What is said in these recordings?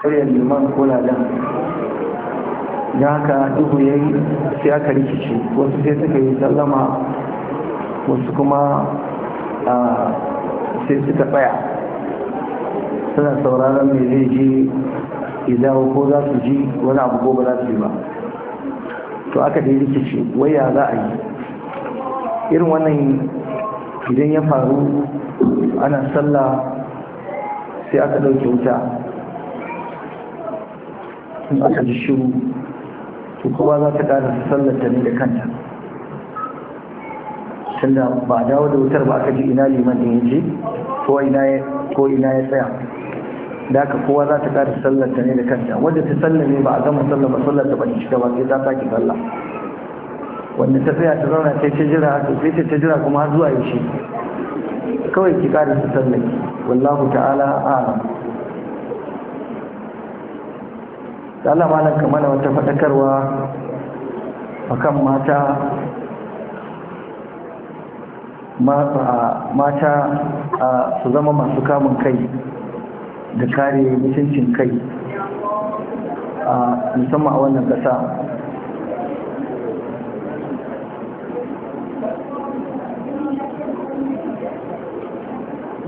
karyar liman ko ladan Ya haka duhu ya yi sai aka rikici wasu sai suka yi sallama wasu kuma sai suka tsaya suna sauraron mai zai je idan ko za su ji wani abu ko ba za su yi ba to aka dai rikici waya za a yi irin wannan idan ya faru ana sallah sai aka ɗauke wuta in aka ji shiru to kowa za ta ƙara sallata ne da kanta tunda ba a dawo da wutar ba aka ji ina liman da yanzu ko ina ya tsaya da aka kowa za ta ƙara sallata ne da kanta wadda ta sallame ba a gama sallama sallata ba ci ba sai ta sake sallah wanda ta tsaya ta zauna sai ta jira haka sai ta jira kuma har zuwa yaushe kawai ki ƙara ta sallake wallahu ta'ala a'lam Allah malam ka mana wata faɗakarwa akan mata mata su zama masu kamun kai da kare mutuncin kai a musamman a wannan ƙasa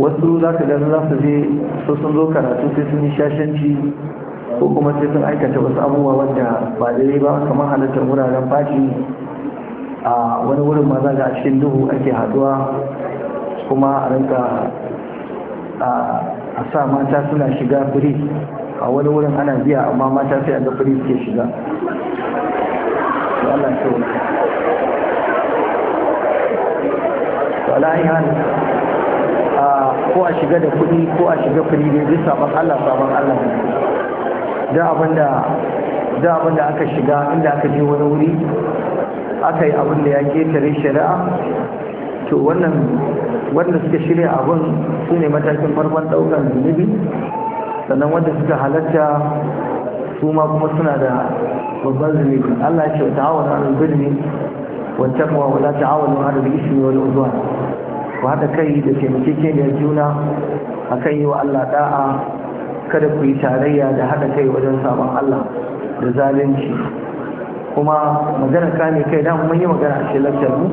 wasu za ka gani za su je sun zo karatu sai sun yi shashanci ko kuma sai sun aikata wasu abubuwa wanda ba daidai ba kamar halartar wuraren fashi a wani wurin ma za a cikin duhu ake haduwa kuma a rinka a sa mata suna shiga firis a wani wurin ana biya amma mata sai a ga firis ke shiga ko a shiga da kuɗi ko a shiga firi ne duk sabon allah sabon allah ne da abin da aka shiga inda aka je wani wuri aka yi abin da ya ketare shari'a to wannan wanda suka shirya abin su ne matakin farkon daukan zunubi sannan wanda suka halatta su ma kuma suna da babban zunubi allah ce ta hawa na ne wata kuma wala ta hawa na hada da ne wani uzuwa ku haɗa kai da taimakekeniyar juna a kan yi wa allah da'a kada ku yi tarayya da haɗa kai wajen sabon Allah da zalunci kuma magana kame kai da mun yi magana a shelar mu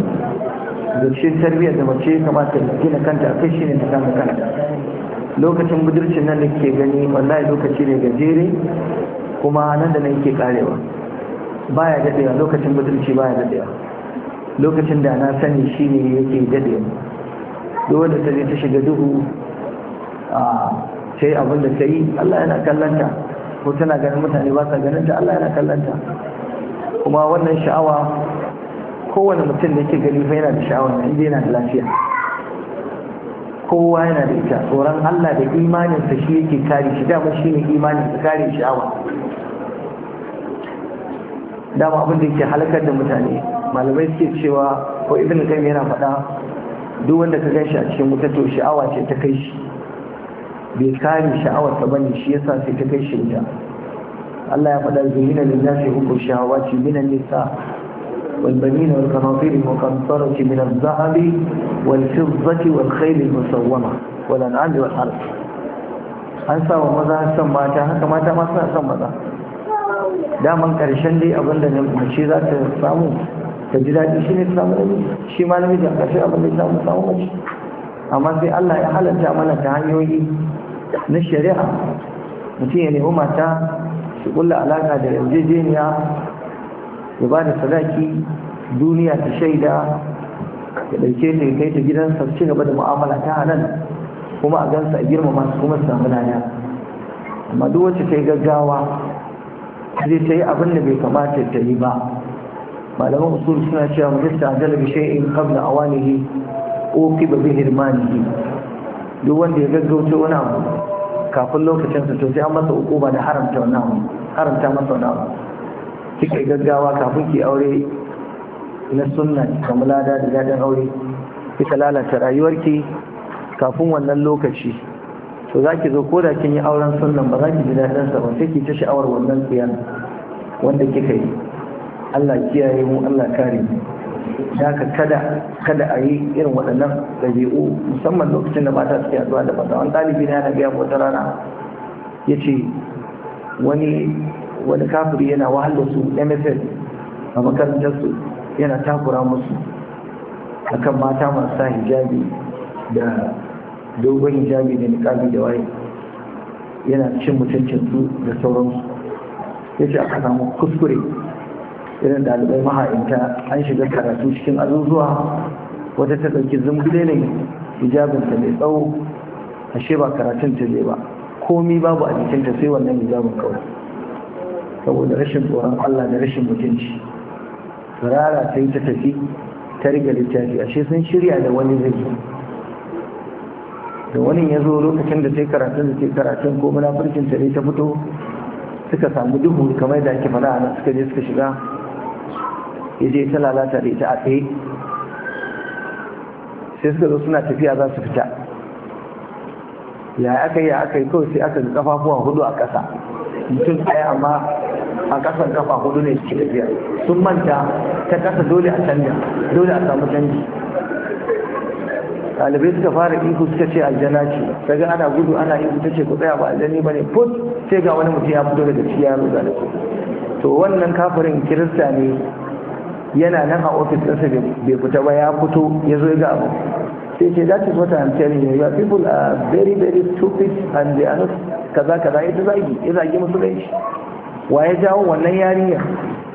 da cikin tarbiyyar da mace kamata ta gina kanta a kai shine ta kama kanta lokacin budurcin nan da ke gani wallahi lokaci ne gajere kuma nan da nan ke karewa baya dadewa lokacin budurci baya dadewa lokacin da na sani shine yake dadewa Dole da ta ta shiga duhu sai abin da ta yi Allah yana kallanta ko tana ganin mutane ba sa ganin ta Allah yana kallanta kuma wannan sha'awa kowane mutum da yake gani fa yana da sha'awa ne inda yana da lafiya kowa yana da ita tsoron Allah da imanin sa shi yake kare shi dama shi ne imanin sa kare sha'awa dama abin da yake halakar da mutane malamai suke cewa ko ibn qayyim yana faɗa duk wanda ka gan shi a cikin wuta to sha'awa ce ta kai shi bai kare sha'awar ta bane shi yasa sai ta kai shinta Allah ya faɗa zuhina lillahi hubbu shahawati minan nisa والبنين والقناطير المقنطرة من الذهب والفضة والخيل المسومة والأنعام والحرث an sa wa maza son mata haka mata ma suna son maza daman karshen dai abinda na mace za ta samu ta ji daɗi shi ne samu namiji shi ma namiji a ƙarshe abinda ya samu samu mace amma sai Allah ya halatta mana ta hanyoyi na shari'a mutum ya nemi mata su kulla alaka da yarjejeniya ya ba da sadaki duniya ta shaida ya ɗauke ta ya kai ta gidansa ci gaba da mu'amala ta nan kuma a gansa a girmama su kuma su samu amma duk wacce ta yi gaggawa zai ta yi abin da bai kamata ta yi ba malaman usul suna cewa mutum ta ajala bi shay'in qabla awanihi uqiba bi hirmanihi duk wanda ya gaggauce wani abu kafin lokacin su to sai an masa hukuma da haramta wani abu haramta masa wani abu kika gaggawa kafin ki aure na sunna ka lada da daɗin aure kika lalata rayuwarki kafin wannan lokaci to za ki zo ko da kin yi auren sunnan ba za ki ji daɗin sa ba sai ki ta sha'awar wannan tsiyan wanda kika yi Allah kiyaye mu Allah kare mu haka kada kada a yi irin waɗannan ɗabi'u musamman lokacin da mata suke zuwa da maza wani ɗalibi na yana gaya wata rana ya ce wani wani kafiri yana wahalar su mfl a makarantarsu yana takura musu akan mata masu hijabi da dogon hijabi da niƙabi da waye yana cin mutuncin su da sauransu ya ce aka samu kuskure irin ɗalibai maha'inta an shiga karatu cikin azuzuwa wata ta ɗauki zumbule ne hijabinta mai tsawo ashe ba karatun ta zai ba komi babu a jikinta sai wannan hijabin kawai saboda rashin tsoron Allah da rashin mutunci turara ta yi ta tafi ta riga littafi ashe sun shirya da wani zai da wani ya zo lokacin da ta yi karatun da ta yi karatun ko munafurcin ta ne ta fito suka samu duhu kamar da ake fara a suka je suka shiga tana za ta lalata da ita a tsaye sai suka zo suna tafiya za su fita ya aka yi aka yi kawai sai aka kafafuwa hudu a ƙasa mutum ɗaya amma a ƙasan kafa hudu ne suke tafiya sun manta ta ƙasa dole a canja dole a samu canji ɗalibai suka fara ihu suka ce aljana ce daga ana gudu ana ihu ta ce ku tsaya ba aljani ba ne put sai ga wani mutum ya fito daga ciki ya ruga da to wannan kafirin kirista ne yana nan a ofis ɗinsa bai fita ba ya fito ya zo ga abu sai ce that is what I'm telling you your people are very very stupid and they are not kaza kaza ya zagi ya zagi shi wa ya jawo wannan yarinya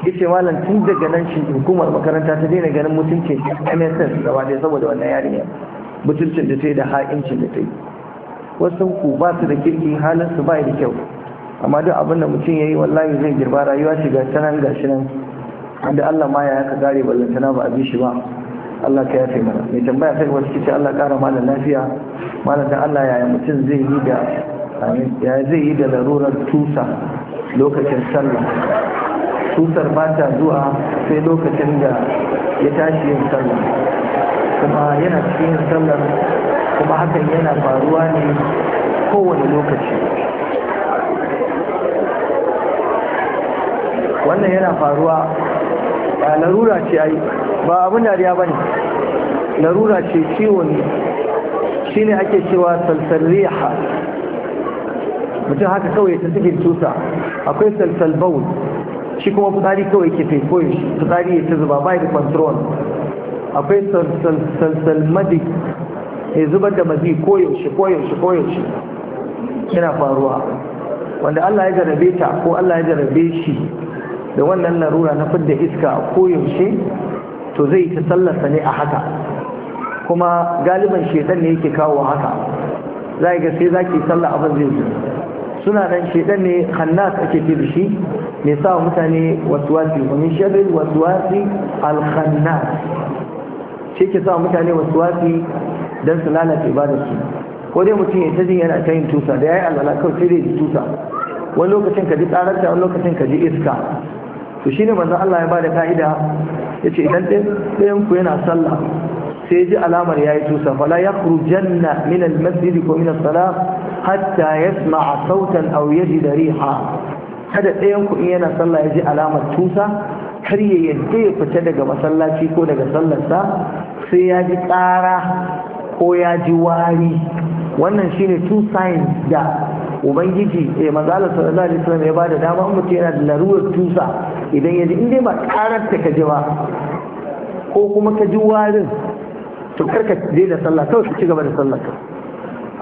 ce malam tun daga nan shi hukumar makaranta ta daina ganin mutuncin MSN gaba da saboda wannan yarinya mutuncin da ta yi da ha'incin da ta yi wasu ku ba su da kirki halin su ba da kyau amma duk abin da mutum ya yi wallahi zai girba rayuwa shiga ta nan gashi nan wanda Allah ma ya haka gare ballantana ba abin shi ba Allah ka yafe mana mai tambaya kai wani kici Allah kara malam lafiya malam dan Allah yaya mutum zai yi da ya zai yi da larurar tusa lokacin sallah tusar ba ta zuwa sai lokacin da ya tashi yin sallah kuma yana cikin yin sallah kuma hakan yana faruwa ne kowane lokaci wannan yana faruwa ba larura ce ai ba abin dariya ba ne larura ce ciwo ne shi ne ake cewa salsalriha mutum haka kawai ta cikin tusa akwai salsal baul shi kuma fitsari kawai ke taifo fitsari ya ta zuba bai da control akwai salsal madi ya zubar da mazi koyaushe koyaushe koyaushe yana faruwa wanda Allah ya jarabe ta ko Allah ya jarabe shi da wannan larura na fidda iska a koyaushe to zai ta sallarsa ne a haka kuma galiban shedan ne yake kawo haka za ga sai za ki sallah abin zai suna nan shedan ne hannas ake ce da shi mai sa mutane wasuwasi wasi, wani sharril wasuwasi al khannas shi ke sa mutane wasuwasi don su lalata ibadarsu ko dai mutum ya tajin yana ta yin tusa da yi Allah kawai sai dai tusa wani lokacin ka ji tsararta wani lokacin ka ji iska to shine manzan Allah ya ba da ka'ida ce idan ɗayan ku yana sallah sai ji alamar ya yayi tusa fala yakhrujanna min al masjidi ko min hatta ya hatta a sautan aw da riha kada ɗayan ku in yana salla ya ji alamar tusa har ya yadda ya fita daga masallaci ko daga sallarsa sai ya ji ƙara ko ya ji wari wannan shine two signs da ubangiji eh manzala sallallahu alaihi wasallam ya bada dama mutum yana da laruwar tusa idan ya ji in dai ba karar ta kaji ba ko kuma ka ji warin to karka da sallah kawai ka ci gaba da sallah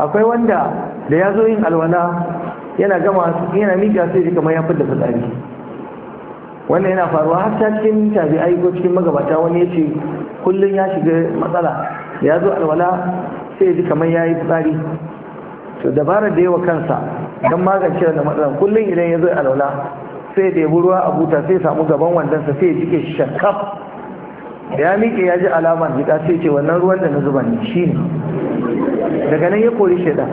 akwai wanda da ya zo yin alwala yana gama yana miƙa sai mai ya da fitsari wannan yana faruwa har ta cikin tabi'ai ko cikin magabata wani ya ce kullum ya shiga matsala ya zo alwala sai ya ji kamar ya yi fitsari to dabarar da yawa kansa don magance da matsalar kullum idan ya zo alwala sai da ya ruwa a buta sai samu gaban wandansa sai ya jike shi shakaf da ya miƙe ya ji alamar jika sai ce wannan ruwan da na zuba ne shi ne daga nan ya kori shaidan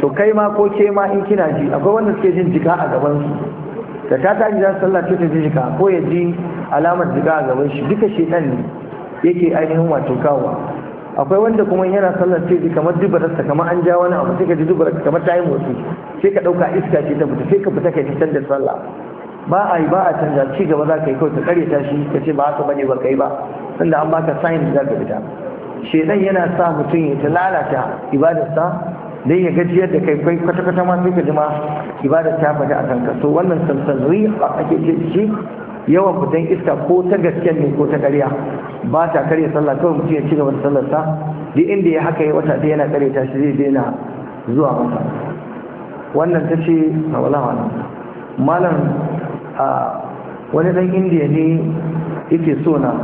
to kai ma ko ke ma in kina ji akwai wanda suke jin jika a gaban su da ta ta ji sallah ta ji jika ko ya ji alamar jika a gaban shi duka shaidan ne yake ainihin wato kawo akwai wanda kuma yana sallar sai kamar dubararsa kamar an ja wani abu sai ka ji dubararsa kamar ta yi motsi sai ka ɗauka iska ce ta fita sai ka fita ka yi canza sallah ba a yi ba a canza ci gaba za ka yi kawai ka ta shi ka ce ba haka bane ba kai ba tunda an baka sign da ka fita shedan yana sa mutum ya ta lalata ibadarsa dan ya gajiyar da kai kai kwata-kwata ma sai ka ji ibadar ta fita a kanka to wannan sansanri ake ce shi yawan fitan iska ko ta gasken ne ko ta ƙarya ba ta karya sallah kawai mutum ya ci gaba da sallarsa duk inda ya haka ya wata ɗaya yana ƙarya ta shi zai daina zuwa masa wannan ta ce a wala malam a wani ɗan indiya ne yake so na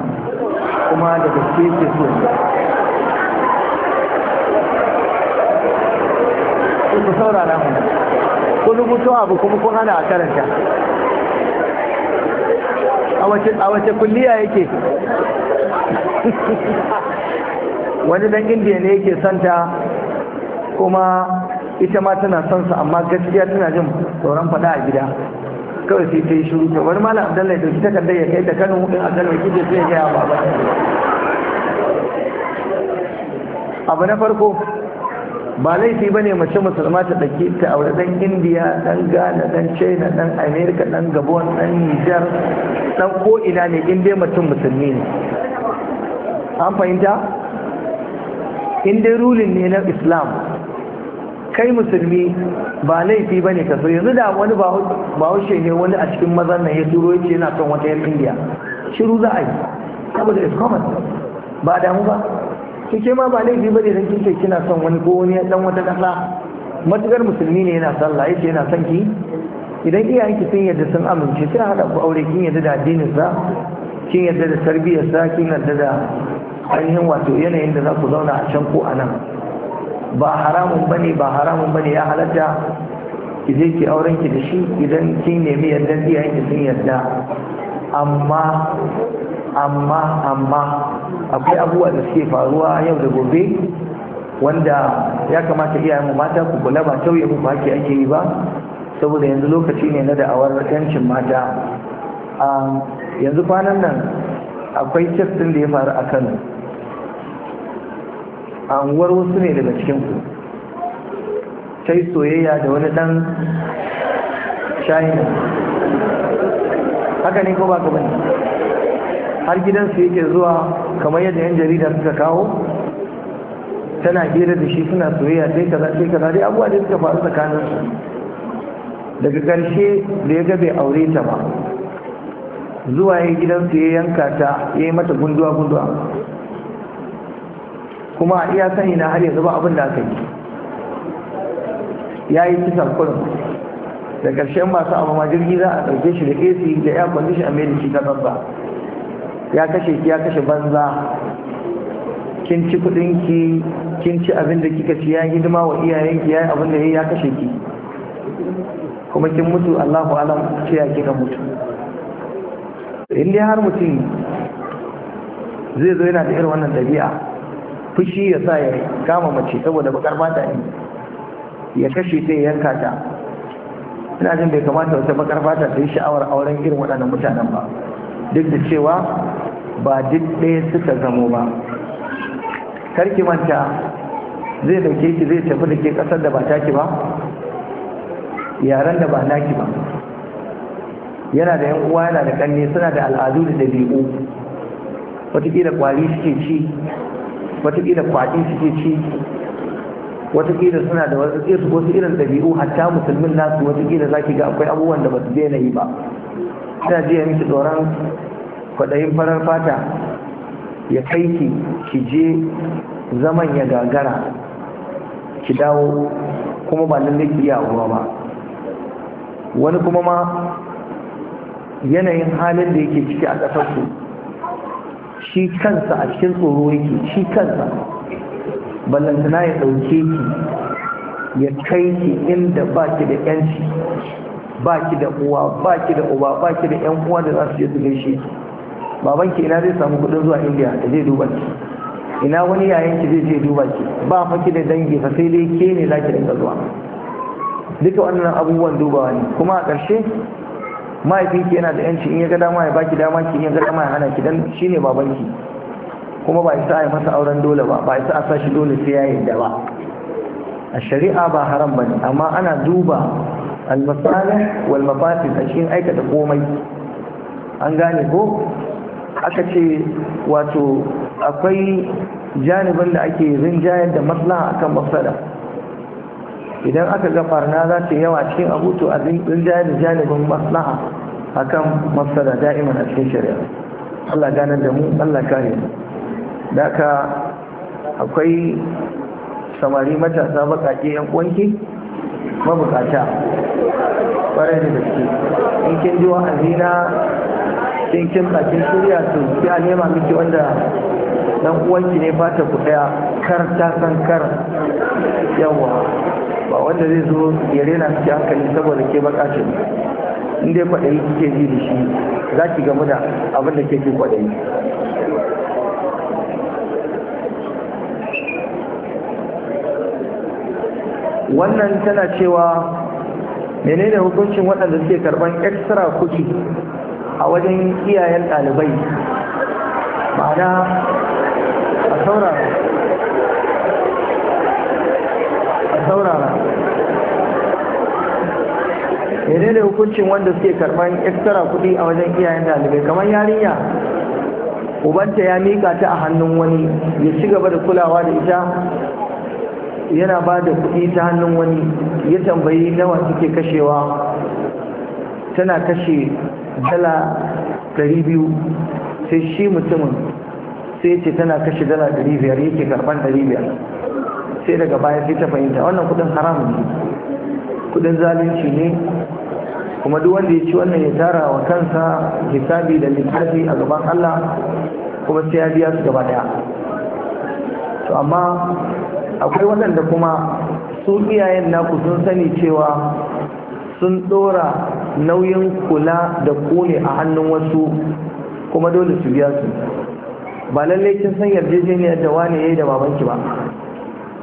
kuma da gaske yake so ne ku saurara mu ku rubuto abu kuma kun hana a karanta a wace kulliya yake wani dan indiya ne yake santa kuma ita ma tana son su amma gaskiya tana jin tsoron fada a gida kawai sai ta yi shuru ta wani malam abdullahi dauki takardar ya kai da kano hudun a kano kije sai ya gaya ba abu na farko ba laifi bane mace musulma ta dake ta aure dan indiya dan ghana dan china dan america dan gabon dan niger dan ko ina ne in dai mutum musulmi ne an fahimta in dai rulin ne na islam kai musulmi ba laifi bane ka so yanzu da wani bahaushe ne wani a cikin mazan na ya turo ce yana son wata yan indiya shiru za a yi saboda is common ba damu ba to ma ba laifi bane dan kike kina son wani ko wani dan wata kasa matukar musulmi ne yana sallah yake yana son ki idan iyayenki sun yadda sun amince sai hada ku aure kin yadda da addinin sa kin yadda da tarbiyyar sa kin yadda da ainihin wato yanayin da za ku zauna a can ko a nan ba haramun bane ba haramun bane ya halatta ki je ki auren ki da shi idan kin nemi yadda iyayenki sun yadda amma amma amma akwai abubuwa da suke faruwa yau da gobe wanda ya kamata iyayenmu mata ku kula ba tauye mu haƙƙi ake yi ba saboda yanzu lokaci ne na da'awar yancin mata yanzu kwanan nan akwai cikin ɗin da ya faru a kano anguwar wasu ne daga cikinku. Ta yi soyayya da wani ɗan shayin haka ne ko ba ka ne. har gidansu yake zuwa kamar yadda yan jarida suka kawo tana hira da shi suna soyayya sai kaza sai za dai abuwa da suka faru tsakanin su daga ƙarshe da ya ga bai aure ta ba zuwa ya gidansu ya yanka ta ya yi mata gunduwa gunduwa kuma a iya sani na har yanzu ba abin da aka yi ya yi kisan kurin da ƙarshen masu abu ma jirgi za a ɗauke shi da ac da air condition a mai da shi ta ba ya kashe ki ya kashe banza kin ci kudin ki kin ci abin da kika ci ya hidima wa iyayen ki yi abin da ya kashe ki kuma kin mutu Allahu alam ce ya kika mutu in dai har mutum zai zo yana da irin wannan dabi'a fushi ya sa ya kama mace saboda bakar mata ne ya kashe ta yanka ta ina jin bai kamata wata bakar fata ta yi sha'awar auren irin waɗannan mutanen ba duk da cewa ba duk ɗaya suka zamo ba karki manta zai dauke ki zai tafi da ke ƙasar da ba ki ba yaren da ba naki ba yana da yan uwa yana da ƙanne suna da al'adu da ɗabi'u watakila kwari suke ci watakila kwaɗi suke ci watakila suna da wasu irin ɗabi'u hatta musulmin nasu watakila za ki ga akwai abubuwan da ba su daina yi ba ina jiya miki tsoron kwaɗayin farar fata ya kai ki ki je zaman ya gagara ki dawo kuma ba lalle ki iya ba wani kuma ma yanayin halin da yake ciki a ƙasar su shi kansa a cikin tsoro yake shi kansa ballantana ya ɗauke ki ya kai ki inda ba ki da yanci ba ki da uwa ba ki da uba ba ki da yan uwa da za su je su gaishe ki babanki ina zai samu kudin zuwa india da zai duba ki ina wani yayan ki zai je duba ki ba faki da dangi fa sai dai ke ne zaki dinga zuwa duka wannan abubuwan dubawa ne kuma a ƙarshe mahaifinki yana da yanci in ya ga dama ya baki dama ki in ya ga dama ya hana ki dan shine babanki kuma ba isa a masa auren dole ba ba isa a sa dole sai ya yarda ba a shari'a ba haram bane amma ana duba al-masalih wal mafasid a cikin aikata komai an gane ko aka ce wato akwai janibin da ake rinjayar da a akan mafsada idan aka ga barna za ta yawa cikin abu a rinjayar da janibin maslaha akan mafsada da'iman a cikin shari'a Allah ganar da mu Allah kare da ka akwai samari matasa bakake yan kwanke mabukata ƙwarai da gaske in kin ji wa'azina kin bakin kin shirya ya sai a nema miki wanda dan uwanki ne fata ku daya kar ta san kar yawa ba wanda zai zo ya rena miki hankali saboda ke baka ce in dai kwaɗayi kike ji da shi za ki gamu da abin da ke ji kwaɗayi wannan tana cewa menene hukuncin waɗanda suke karban extra kuɗi a wajen iyayen ɗalibai ma'ana a saurara a saurara ne hukuncin wanda suke karɓar extra kuɗi a wajen iyayen ɗalibai kamar yarinya ubanta ya mika ta a hannun wani ya ci gaba da kulawa da ita yana ba da kuɗi ta hannun wani ya tambayi nawa suke kashewa tana kashe dala 200 sai shi mutumin sai ce tana kashe dala 500 yake karban biyar sai daga baya sai ta fahimta wannan kudin haram ne kudin zalunci ne kuma duk wanda ya ci wannan ya tara wa kansa hisabi da littafi a gaban Allah kuma sai ya biya su gaba daya to amma akwai waɗanda kuma su iyayen naku sun sani cewa sun ɗora nauyin kula da kone a hannun wasu kuma dole su biya su ba lallai kin san yarjejeniyar da wani yayi da babanki ba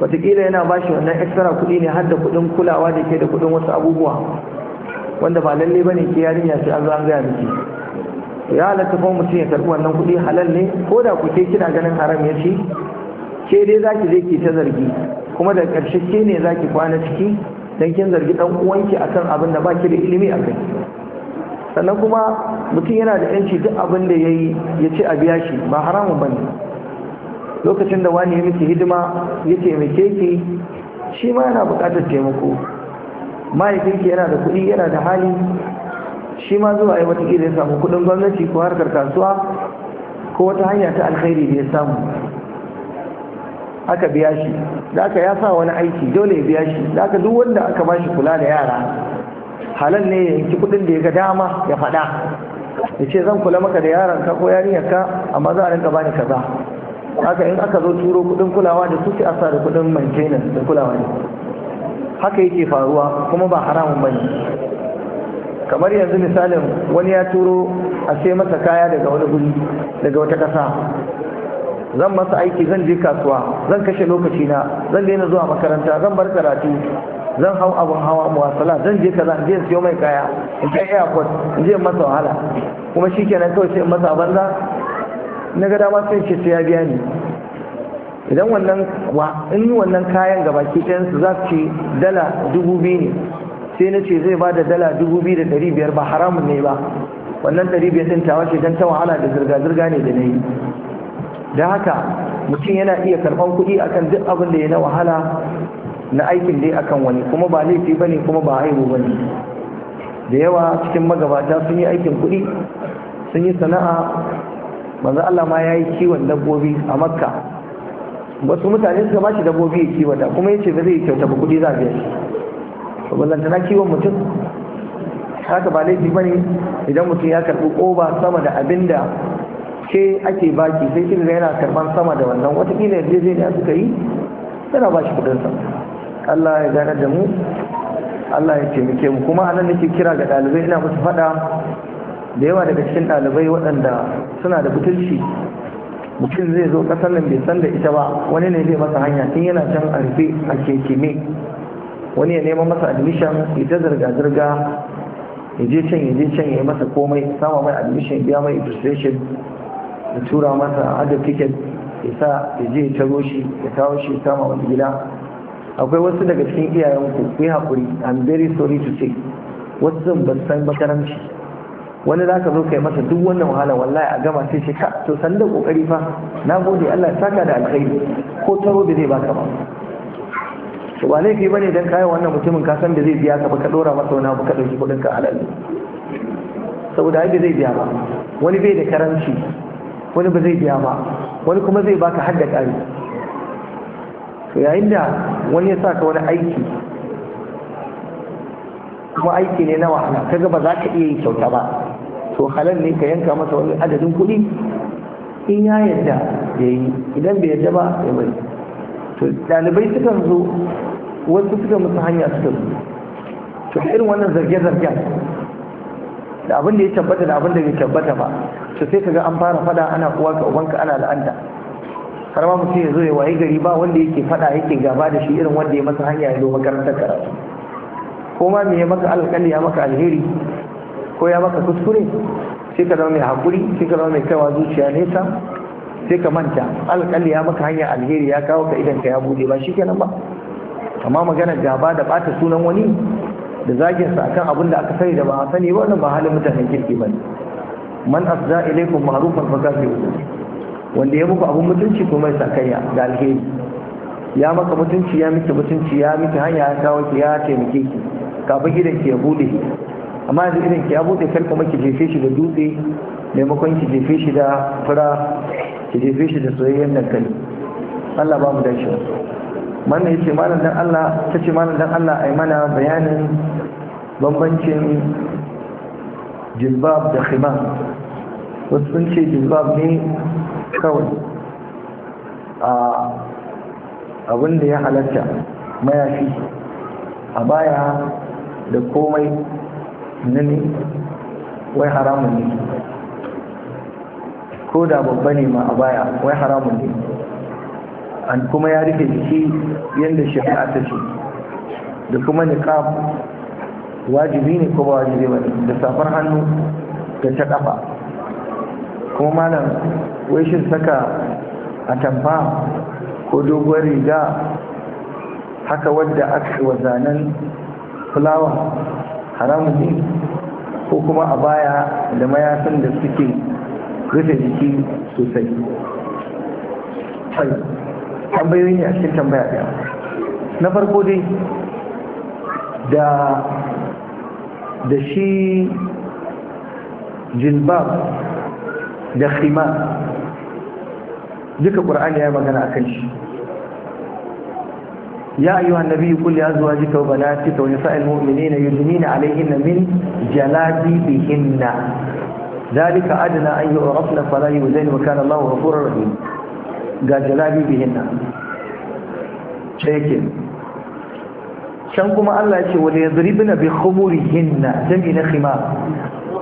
wataƙila yana ba shi wannan extra kuɗi ne har da kuɗin kulawa da ke da kuɗin wasu abubuwa wanda ba lallai ba ne ke yarinya sai an zo an gaya miki ya halatta kuma mutum ya karɓi wannan kuɗi halal ne ko da ku ke kina ganin haram ya shi. ke dai za ki je ki ta zargi kuma da ƙarshe ke ne za ki kwana ciki don kin zargi dan uwanki akan abin da baki da ilimi a kai sannan kuma mutum yana da yanci duk abin da yayi ya ce a biya shi ba haramun bane lokacin da wani ya miki hidima ya taimake ki shi ma yana buƙatar taimako mahaifinki yana da kuɗi yana da hali shi ma zuwa ya watakila ya samu kuɗin gwamnati ko harkar kasuwa ko wata hanya ta alkhairi da ya samu aka biya shi zaka ya sa wani aiki dole ya biya shi zaka duk wanda aka ba shi kula da yara halal ne ya yanki kudin da ya ga dama ya faɗa ya ce zan kula maka da yaran ka ko yarinyar ka amma za a rinka bani kaza haka in aka zo turo kudin kulawa da suke asa da kudin maintenance da kulawa ne haka yake faruwa kuma ba haramun bane kamar yanzu misalin wani ya turo a sai masa kaya daga wani guri daga wata kasa zan masa aiki zan je kasuwa zan kashe lokaci na zan daina zuwa makaranta zan bar karatu zan hau abun hawa muwasala zan je kaza je siyo mai kaya in kai airport in je masa wahala kuma shikenan kawai sai in masa banza na ga dama sai ce sai ya biya ni idan wannan wa in wannan kayan gaba ki su za su ce dala dubu biyu ne sai na ce zai ba da dala dubu biyu da ɗari biyar ba haramun ne ba wannan ɗari biyar ɗin tawa ce don ta wahala da zirga-zirga ne da na yi da haka mutum yana iya karban kuɗi akan duk abin da ya na wahala na aikin dai akan wani kuma ba laifi ba ne kuma ba haihu ba ne. da yawa cikin magabata sun yi aikin kuɗi sun yi sana'a manzo Allah ma yi kiwon dabbobi a Makka wasu mutane suka bashi dabbobi ya kiwata kuma yace ba zai kyauta ba kuɗi za a biya shi to kiwon mutum haka ba laifi bane idan mutum ya karɓi ƙoba sama da abinda ke ake baki sai kin yana karban sama da wannan watakila yarjejeniya suka yi yana ba shi sa. Allah ya gane da mu Allah ya taimake mu kuma anan nake kira ga dalibai ina musu faɗa da yawa daga cikin ɗalibai waɗanda suna da butulci mutum zai zo ƙasar nan bai san da ita ba wani ne zai masa hanya tun yana can a rufe a kekeme wani ya nema masa admission ta zirga-zirga ya je can ya je can ya yi masa komai sama mai admission biya mai registration da tura masa adda tiket ya sa ya je ya taro shi ya kawo shi sama wani gida akwai wasu daga cikin iyayenku ku yi haƙuri i'm very sorry to say wasu zan ban san makaranci wani za ka zo kai masa duk wannan wahala wallahi a gama sai shi ka to san da kokari fa na gode Allah ya saka da alkhairi ko taro da zai baka ba to ba laifi bane dan kai wannan mutumin ka san da zai biya ka ba ka dora masa wani abu ka dauki kudin ka halal saboda ai zai biya ba wani bai da karanci wani ba zai biya ba wani kuma zai baka hadda ƙari yayin da wani ya sa ka wani aiki kuma aiki ne na wahala kaga ba za ka iya yi kyauta ba to halal ne ka yanka masa wani adadin kuɗi in ya yadda ya yi idan bai yadda ba ya bari to ɗalibai sukan zo wasu suka musu hanya suka zo to irin wannan zarge-zargen da abin da ya tabbata da abin da bai tabbata ba to sai kaga an fara fada ana kuwa ga ubanka ana la'anta har ma mutum ya zo ya waye gari ba wanda yake fada yake gaba da shi irin wanda ya masa hanya ya zo makarantar karatu ko ma me ya maka alƙali ya maka alheri ko ya maka kuskure sai ka zama mai haƙuri sai ka zama mai kaiwa zuciya nesa sai ka manta alƙali ya maka hanya alheri ya kawo ka idan ka ya bude ba shi kenan ba amma magana gaba da bata sunan wani da zagin sa akan abin da aka sani da ba a sani wannan ba halin mutanen kirki bane man afza ilaikum ma'rufan fa wanda ya muku abun mutunci kuma ya sakayya da alheri ya maka mutunci ya miki mutunci ya miki hanya ya kawo ki ya taimake ki kafin gidan ki ya bude amma yanzu idan ki ya bude kar kuma ki jefe shi da dutse maimakon ki jefe shi da fura ki jefe shi da soyayyen dankali Allah ba mu dace wannan yake malam dan Allah tace malam dan Allah ai mana bayanin bambancin jilbab da khimar wasu sun ce jilbab ne kawai a abin da ya halatta mayafi a baya da komai ne wai haramun ne ko da babba ne ma a baya wai haramun ne an kuma ya rike jiki yadda shari'a ta ce da kuma niqab wajibi ne ko ba wajibi ba da safar hannu da ta kafa kuma malam wai shin saka atamfa ko doguwar riga haka wadda aka wa zanen fulawa haramun ne ko kuma a baya da mayafin da suke rufe jiki sosai tambayoyin ne a cikin tambaya ɗaya na farko dai da da shi jilbab da khima duka ƙura'ani ya yi magana a kan shi ya yi wa nabi kulle ya zuwa ji kawo bala ta wani sa'il mu'mini na yuzini na alaihin na min jalabi bihinna ذلك أدنى أن يعرفن فلا يؤذين وكان الله غفورا رحيما ga jalabi bihin nan shekin can kuma Allah ya ce wal yadribna bi khumurihinna jami na khimar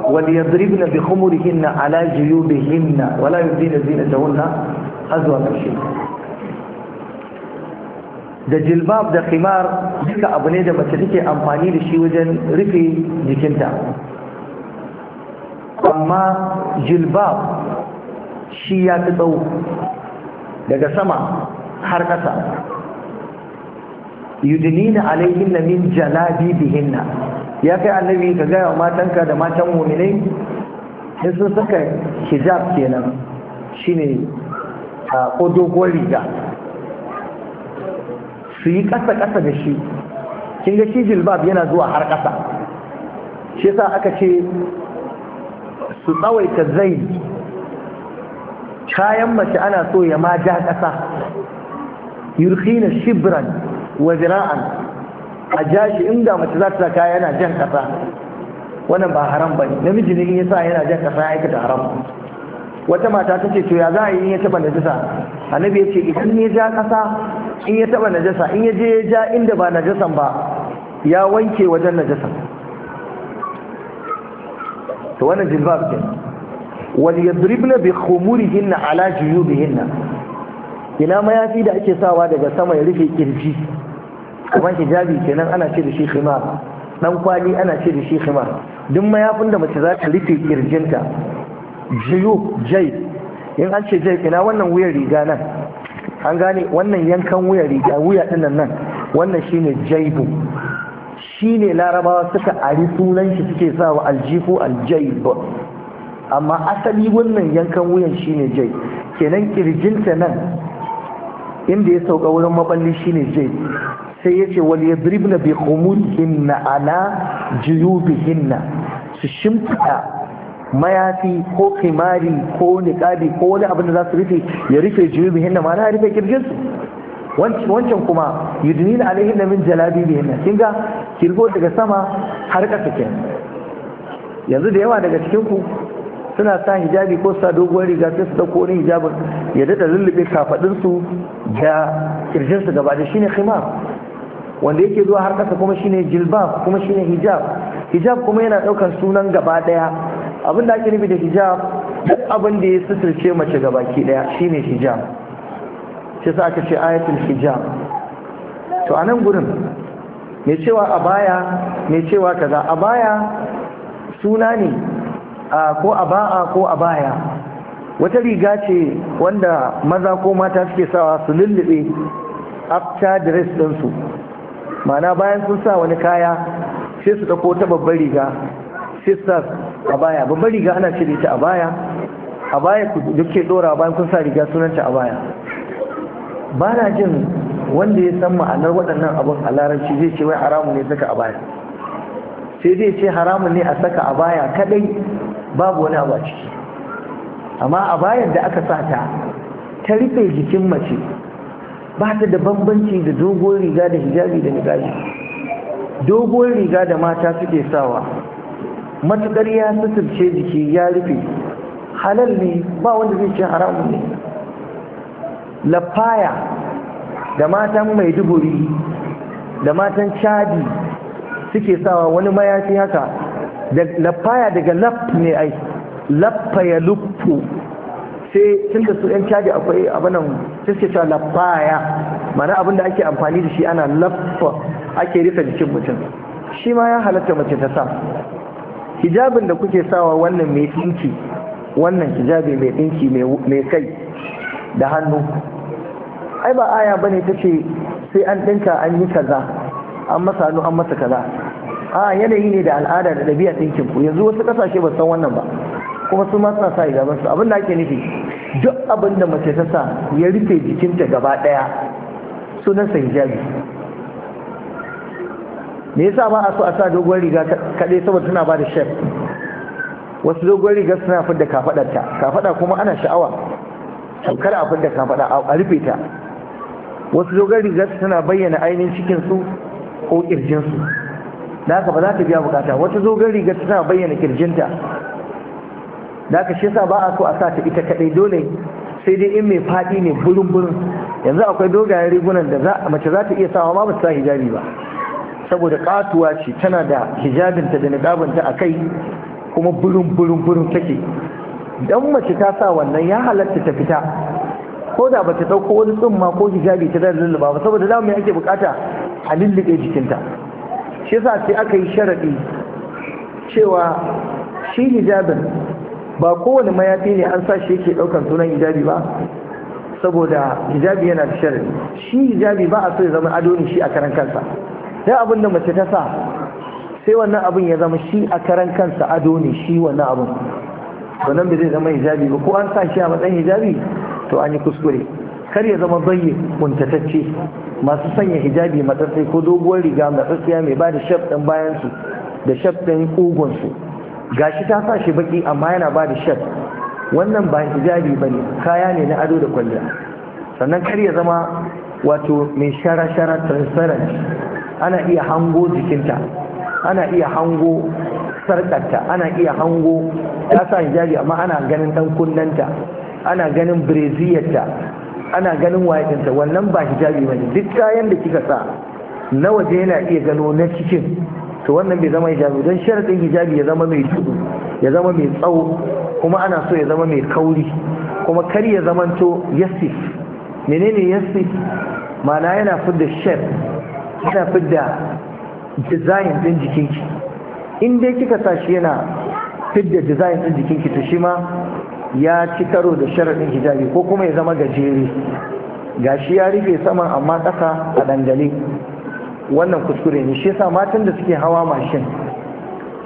wal yadribna bi khumurihinna ala juyubihinna wala yubdina zinatahunna azwa ƙarshe. da jilbab da khimar duka abu ne da mace take amfani da shi wajen rufe jikinta amma jilbab shi ya fi tsawo daga sama har ƙasa yudinina alaihinna min jalabibihinna ya kai annabi ka gaya wa matanka da matan muminai in sun saka hijab kenan shine a ko riga su yi ƙasa-ƙasa da shi kin ga shi jilbab yana zuwa har ƙasa shi sa aka ce su tsawaita zai kayan mace ana so ya ma ja ƙasa yurkina shibran wa zira'an a ja shi inda mace za ta kaya yana jan ƙasa wannan ba haram ba ne namiji ne in ya sa yana jan ƙasa ya aikata haram wata mata ta ce to ya za a yi in ya taɓa najasa annabi ya ce idan ya ja ƙasa in ya taɓa najasa in ya je ya ja inda ba najasan ba ya wanke wajen najasan to wannan jilbab kenan wal yadribna bi khumurihinna ala juyubihinna ina mayafi da ake sawa daga sama ya rufe kirji kamar hijabi kenan ana ce da shi khima dan kwali ana ce da shi khima duk yafin da mace za ta rufe kirjinta jiyu jai in an ce jai ina wannan wuyar riga nan an gane wannan yankan wuyar riga wuya din nan wannan shine jaibu shine larabawa suka ari sunan shi suke sawa aljifu aljaib amma asali wannan yankan wuyan shine jai kenan kirjinta nan inda ya sauka wurin maballi shine jai sai ya ce yace wal yadribna bi ana ala bihinna su shimfida mayafi ko kimari ko niqabi ko wani abin da za su rufe ya rufe bihinna ma na rufe kirjinsu wancan kuma na alaihin da min jalabi bihin kin ga kirgo daga sama har ƙasa kenan yanzu da yawa daga cikinku. suna sa hijabi ko sa doguwar riga sai su dauko wani hijabin ya dada lullube su da kirjinsu gaba da shine khimar wanda yake zuwa har kasa kuma shine jilbab kuma shine hijab hijab kuma yana daukan sunan gaba daya abin da ake nufi da hijab duk abin da ya suturce mace gaba ki daya shine hijab shi sa aka ce ayatul hijab to anan gurin mai cewa abaya mai cewa kaza abaya suna ne ko a ba'a ko a baya wata riga ce wanda maza ko mata suke sawa su lullube after dress ɗinsu mana bayan sun sa wani kaya sai su ɗauko ta babbar riga sisters a baya babbar riga ana cire ta a baya a baya ku duke dora bayan kun sa riga sunanta a baya ba na jin wanda ya san ma'anar waɗannan abin a larabci zai ce wai haramun ne saka a baya sai zai ce haramun ne a saka a baya kadai babu wani abu a ciki amma a bayan da aka sa ta ta rufe jikin mace ba ta da bambanci da dogon riga da hijabi da nigaji dogon riga da mata suke sawa matuƙar ya suturce jiki ya rufe halal ne ba wanda zai ce haramun ne lafaya da matan maiduguri da matan cadi suke sawa wani mayafi haka lafaya daga laf ne ai laffa ya luffu sai tun da su yan caji akwai abinan suke cewa lafaya mana abin da ake amfani da shi ana laffa ake rika jikin mutum shi ma ya halatta mace ta sa hijabin da kuke sawa wannan mai tsinki wannan hijabi mai tsinki mai kai da hannu ai ba aya bane ta ce sai an ɗinka an yi kaza an masa hannu an masa kaza a yanayi ne da al'ada da ɗabi'a ɗinkin ku yanzu wasu ƙasashe ba san wannan ba kuma su ma suna sa hijaban su abin da ake nufi duk abin da mace ta sa ya rufe jikinta gaba ɗaya Sunan sa hijabi me yasa ba a so a sa doguwar riga kaɗai saboda tana ba da shef wasu doguwar riga suna fidda kafaɗarta kafaɗa kuma ana sha'awa kar a fidda kafaɗa a rufe ta wasu doguwar riga suna bayyana ainihin cikinsu ko ƙirjinsu da haka ba za ka biya bukata wata zogon rigar tana bayyana kirjinta da haka shi yasa ba a so a sa ta ita kadai dole sai dai in mai faɗi ne burin burin yanzu akwai dogayen rigunan da mace za ta iya sawa ma ba sa hijabi ba saboda katuwa ce tana da hijabinta da niqabinta a kai kuma burin burin burin take dan mace ta sa wannan ya halatta ta fita ko da bata dauko wani tsumma ko hijabi ta da lulluba ba saboda da ya ake bukata a lullube jikinta shi yasa sai aka yi sharaɗi cewa shi hijabin ba kowane mayafi ne an sa shi yake ɗaukar sunan hijabi ba saboda hijabi yana da sharaɗi shi hijabi ba a so ya zama ado shi a karan kansa dan abin da mace ta sa sai wannan abin ya zama shi a karan kansa ado ne shi wannan abin wannan bai zai zama hijabi ba ko an sa shi a matsayin hijabi to an yi kuskure kar ya zama bayyi kuntatacce masu sanya hijabi matsatsai ko doguwar riga matsatsiya mai ba da shaf ɗin bayansu da shaf ɗin ƙugunsu gashi ta sashi shi baki amma yana ba da shaf wannan ba hijabi ba ne kaya ne na ado da kwalliya sannan kar ya zama wato mai shara-shara transparent ana iya hango jikinta ana iya hango sarkarta ana iya hango ta sa hijabi amma ana ganin ɗan kunnanta ana ganin breziyarta ana ganin wayatinta wannan ba hijabi bane duk kayan da kika sa na waje yana iya gano na cikin to wannan bai zama hijabi don sharadin hijabi ya zama mai tudu ya zama mai tsawo kuma ana so ya zama mai kauri kuma kar ya zamanto yasif menene yasif mana yana fidda shef yana fidda design din jikinki in dai kika sa shi yana fidda design din jikinki to shi ma ya ci karo da sharaɗin hijabi ko kuma ya zama gajere gashi ya rufe saman amma ƙasa a dangale wannan kuskure ne shi yasa matan da suke hawa mashin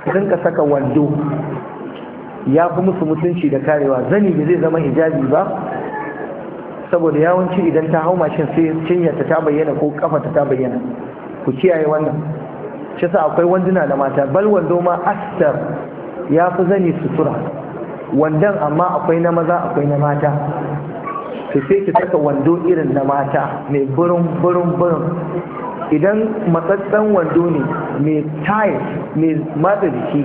ka saka wando ya fi musu mutunci da karewa zani da zai zama hijabi ba saboda yawanci idan ta hau mashin sai cinyarta ta bayyana ko kafa ta bayyana ku kiyaye wannan shi sa akwai wanduna da mata bal wando ma astar ya fi zani sutura wandan amma akwai na maza akwai na mata to sai ki saka wando irin na mata mai burin burin burin idan matsatsan wando ne mai tayi mai matsa jiki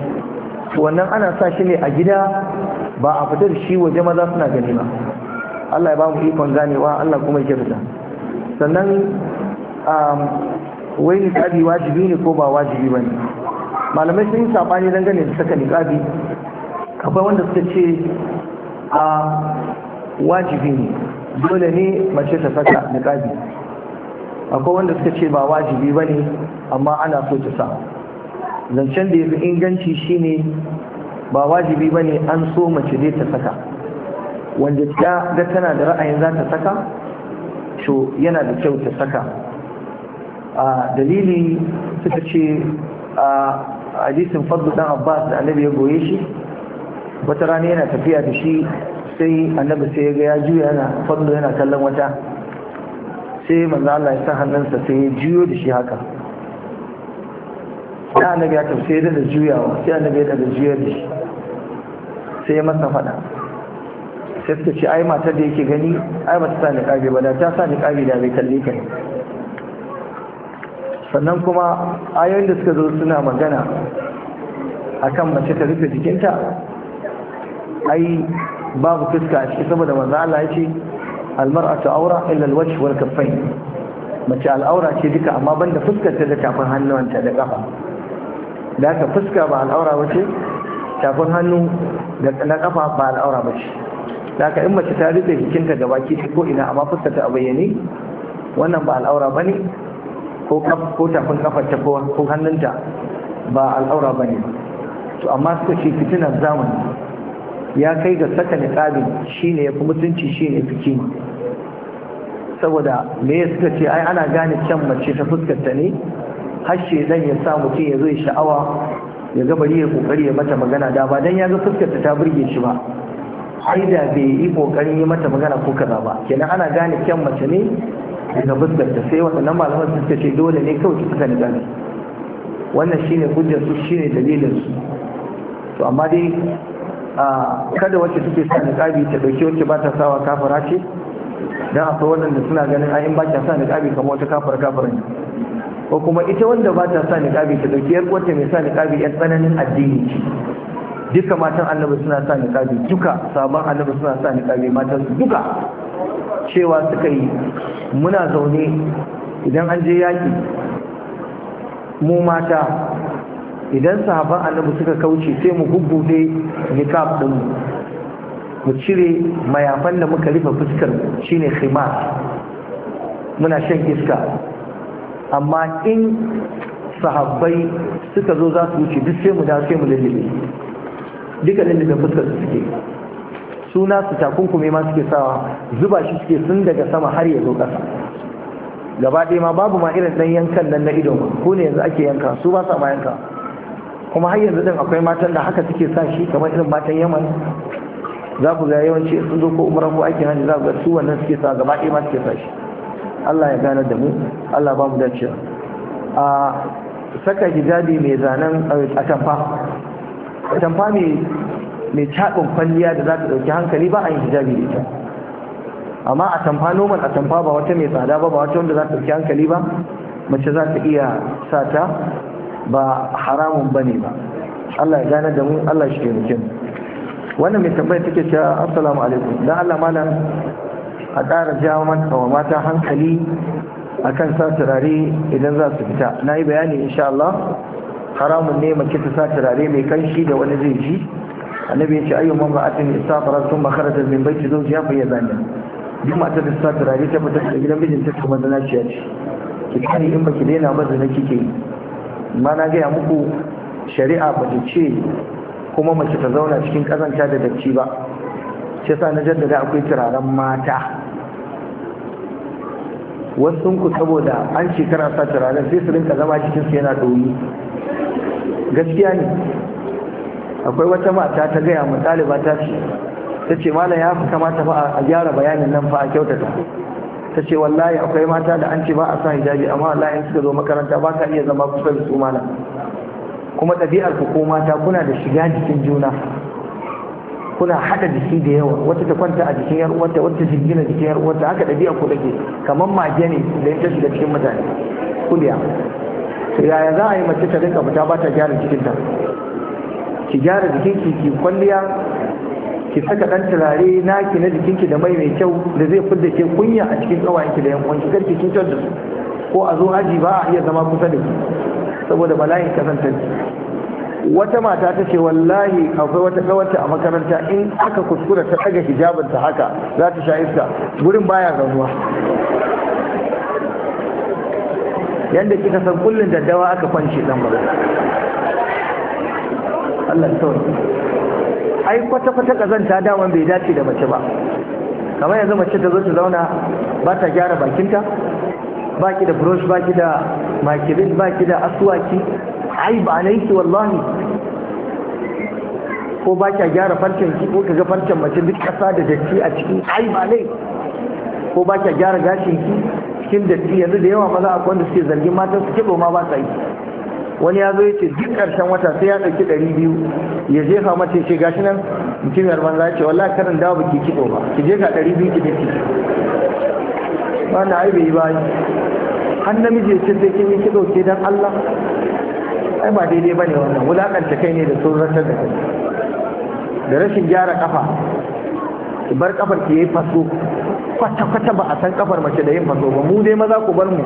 wannan ana sa shi ne a gida ba a fita da shi waje maza suna gani ba Allah ya ba mu ikon ganewa Allah kuma ya fita sannan um, wai niƙabi wajibi ne ko ba wajibi ba ne malamai sun yi saɓani dangane da saka niƙabi akwai wanda suka ce a wajibi ne dole ne mace ta saka niqabi akwai wanda suka ce ba wajibi ba ne amma ana so ta sa zancen da ya fi inganci shine ba wajibi ba ne an so mace dai ta saka wanda ta ga tana da ra'ayin za ta saka to yana da kyau ta saka a dalili suka ce a hadisin fadlu dan abbas da annabi ya goye shi wata rana yana tafiya da shi sai annabi sai ga ya juya yana fallo yana kallon wata sai manzo Allah ya sa hannunsa sai ya juyo da shi haka sai annabi ya tafi sai da juyawa sai annabi ya da juyar da shi sai ya masa fada sai suka ce ai matar da yake gani ai ba ta sa niqabi ba da ta sa niqabi da bai kalle ka sannan kuma ayoyin da suka zo suna magana akan mace ta rufe jikinta ai babu fuska a ciki saboda manzo Allah ya ce almar'atu aura illa alwajh wal kaffayn mace al'aura ce duka amma banda fuskar ta da tafin hannuwanta da kafa da haka fuska ba al'aura ba ce tafin hannu da na kafa ba al'aura ba ce da haka in mace ta rufe jikinta gaba ki ko ina amma fuskar ta a bayyane wannan ba al'aura ba ne ko tafin kafarta ko hannunta ba al'aura ba ne to amma suka ce fitinar zamani ya kai ga saka niqabi shine yafi mutunci shine fiki saboda me ya suka ce ai ana gane kyan mace ta fuskarta ne har shedan ya sa mutum ya zo ya sha'awa ya ga bari ya kokari ya mata magana da ba dan ya ga fuskarta ta burge shi ba ai da bai yi kokarin yi mata magana ko kaza ba kenan ana gane kyan mace ne daga fuskarta sai waɗannan malaman suka ce dole ne kawai ki saka niqabi wannan shine hujjar su shine dalilin su to amma dai kada wacce take sa niqabi ta dauki wacce ba ta sawa kafara ce dan akwai da suna ganin ai in ba ta sa niqabi kamar wata kafara kafara ne ko kuma ita wanda ba ta sa niqabi ta dauki yar wacce mai sa niqabi yar tsananin addini ce duka matan annabi suna sa niqabi duka sabon annabi suna sa niqabi matan duka cewa suka yi muna zaune idan an je yaki mu mata idan sahaban annabi suka kauce sai mu gubbude niqab din mu cire mayafan da muka rufe fuskar shine khimar muna shan iska amma in sahabbai suka zo za su wuce duk sai mu da sai mu lalle duka lalle fuskar su suke suna su takunkume ma suke sawa zuba shi suke sun daga sama har ya zo ƙasa gaba ɗaya ma babu ma irin ɗan yankan nan na ido ko ne yanzu ake yanka su ba sa ma yanka kuma har yanzu din akwai matan da haka suke sa shi kamar irin matan yaman za ku ga yawanci sun zo ko umara ko aikin hajji za ku ga su wannan suke sa gaba ɗaya ma suke sa shi Allah ya gane da mu Allah ba mu dacewa a saka hijabi mai zanen eh, atamfa atamfa mai mai caɓin kwalliya da za ta ɗauki hankali ba a yi hijabi da ita amma atamfa noman atamfa ba wata mai tsada ba ba wata wanda za ta ɗauki hankali ba mace za ta iya sa ta ba haramun bane ba Allah ya gane da mu Allah shi taimake mu wannan mai tambaya take cewa assalamu alaikum dan Allah malam a ƙara jawo mata mata hankali akan sa turare idan za su fita na yi bayani insha Allah haramun ne mace ta sa turare mai kanshi da wani zai ji annabi ya ce ayyu man ba'atin istafara thumma kharaja min baiti zawjiha fa hiya zaniya duk matar da sa turare ta fita da gidan mijinta kuma da naciya ce ki kare in baki daina ba da kike yi ma na gaya muku shari'a ba ta ce kuma mace ta zauna cikin kazanta da dacci ba shi sa na jaddada akwai turaren mata wasu ku saboda an shekara sa turaren sai su rinka zama cikin su yana ɗoyi gaskiya ne akwai wata mata ta gaya mu ɗaliba ta ce ta ce malam ya kamata fa a gyara bayanin nan fa a kyautata ta ce wallahi akwai mata da an ce ba a sa hijabi amma wallahi in suka zo makaranta ba ka iya zama kusa da su malam kuma ɗabi'ar ku ko mata kuna da shiga jikin juna kuna haɗa jiki da yawa wata ta kwanta a jikin yar uwarta wata ta gina jikin yar uwarta haka ɗabi'ar ku take kamar mage ne da tashi shiga cikin mutane kuliya to yaya za a yi mace ta rinka fita ba ta gyara jikinta ki gyara jikin ki ki kwalliya ki saka dan turare naki na jikinki da mai mai kyau da zai fidda ke kunya a cikin kawayenki da yan uwanki karki kin da su ko a zo aji ba a iya zama kusa da ki saboda bala'in kasantar wata mata ta ce wallahi akwai wata kawarta a makaranta in aka kuskura ta daga ta haka za ta sha iska gurin baya ranuwa yadda kika san kullun daddawa aka kwance dan Allah ya ai kwata-kwata kazanta daman bai dace da mace ba kamar yanzu mace ta zo ta zauna ba ta gyara bakinta ba ki da brush ba ki da makirin ba ki da asuwaki ai ba na ki wallahi ko ba ki gyara farcen ki ko ka ga farcen mace duk kasa da datti a cikin ai ba ne ko ba ki gyara gashin ki cikin datti yanzu da yawa maza akwai wanda suke zargin matan su kibo ma ba sa yi wani ya zo yace duk karshen wata sai ya ɗauki ɗari biyu ya jefa mace ce gashi nan mutum mutumiyar banza ya ce wallahi karin dawo baki kiɗo ba ki jefa ɗari biyu ki dace wannan ai bai yi ba har namiji ce sai kin yi kiɗo ke dan Allah ai ba daidai bane wannan wulakanta kai ne da tsoratar da kai da rashin gyara kafa ki bar kafar ki yayi faso kwata kwata ba a san kafar mace da yin faso ba mu dai maza ku bar mu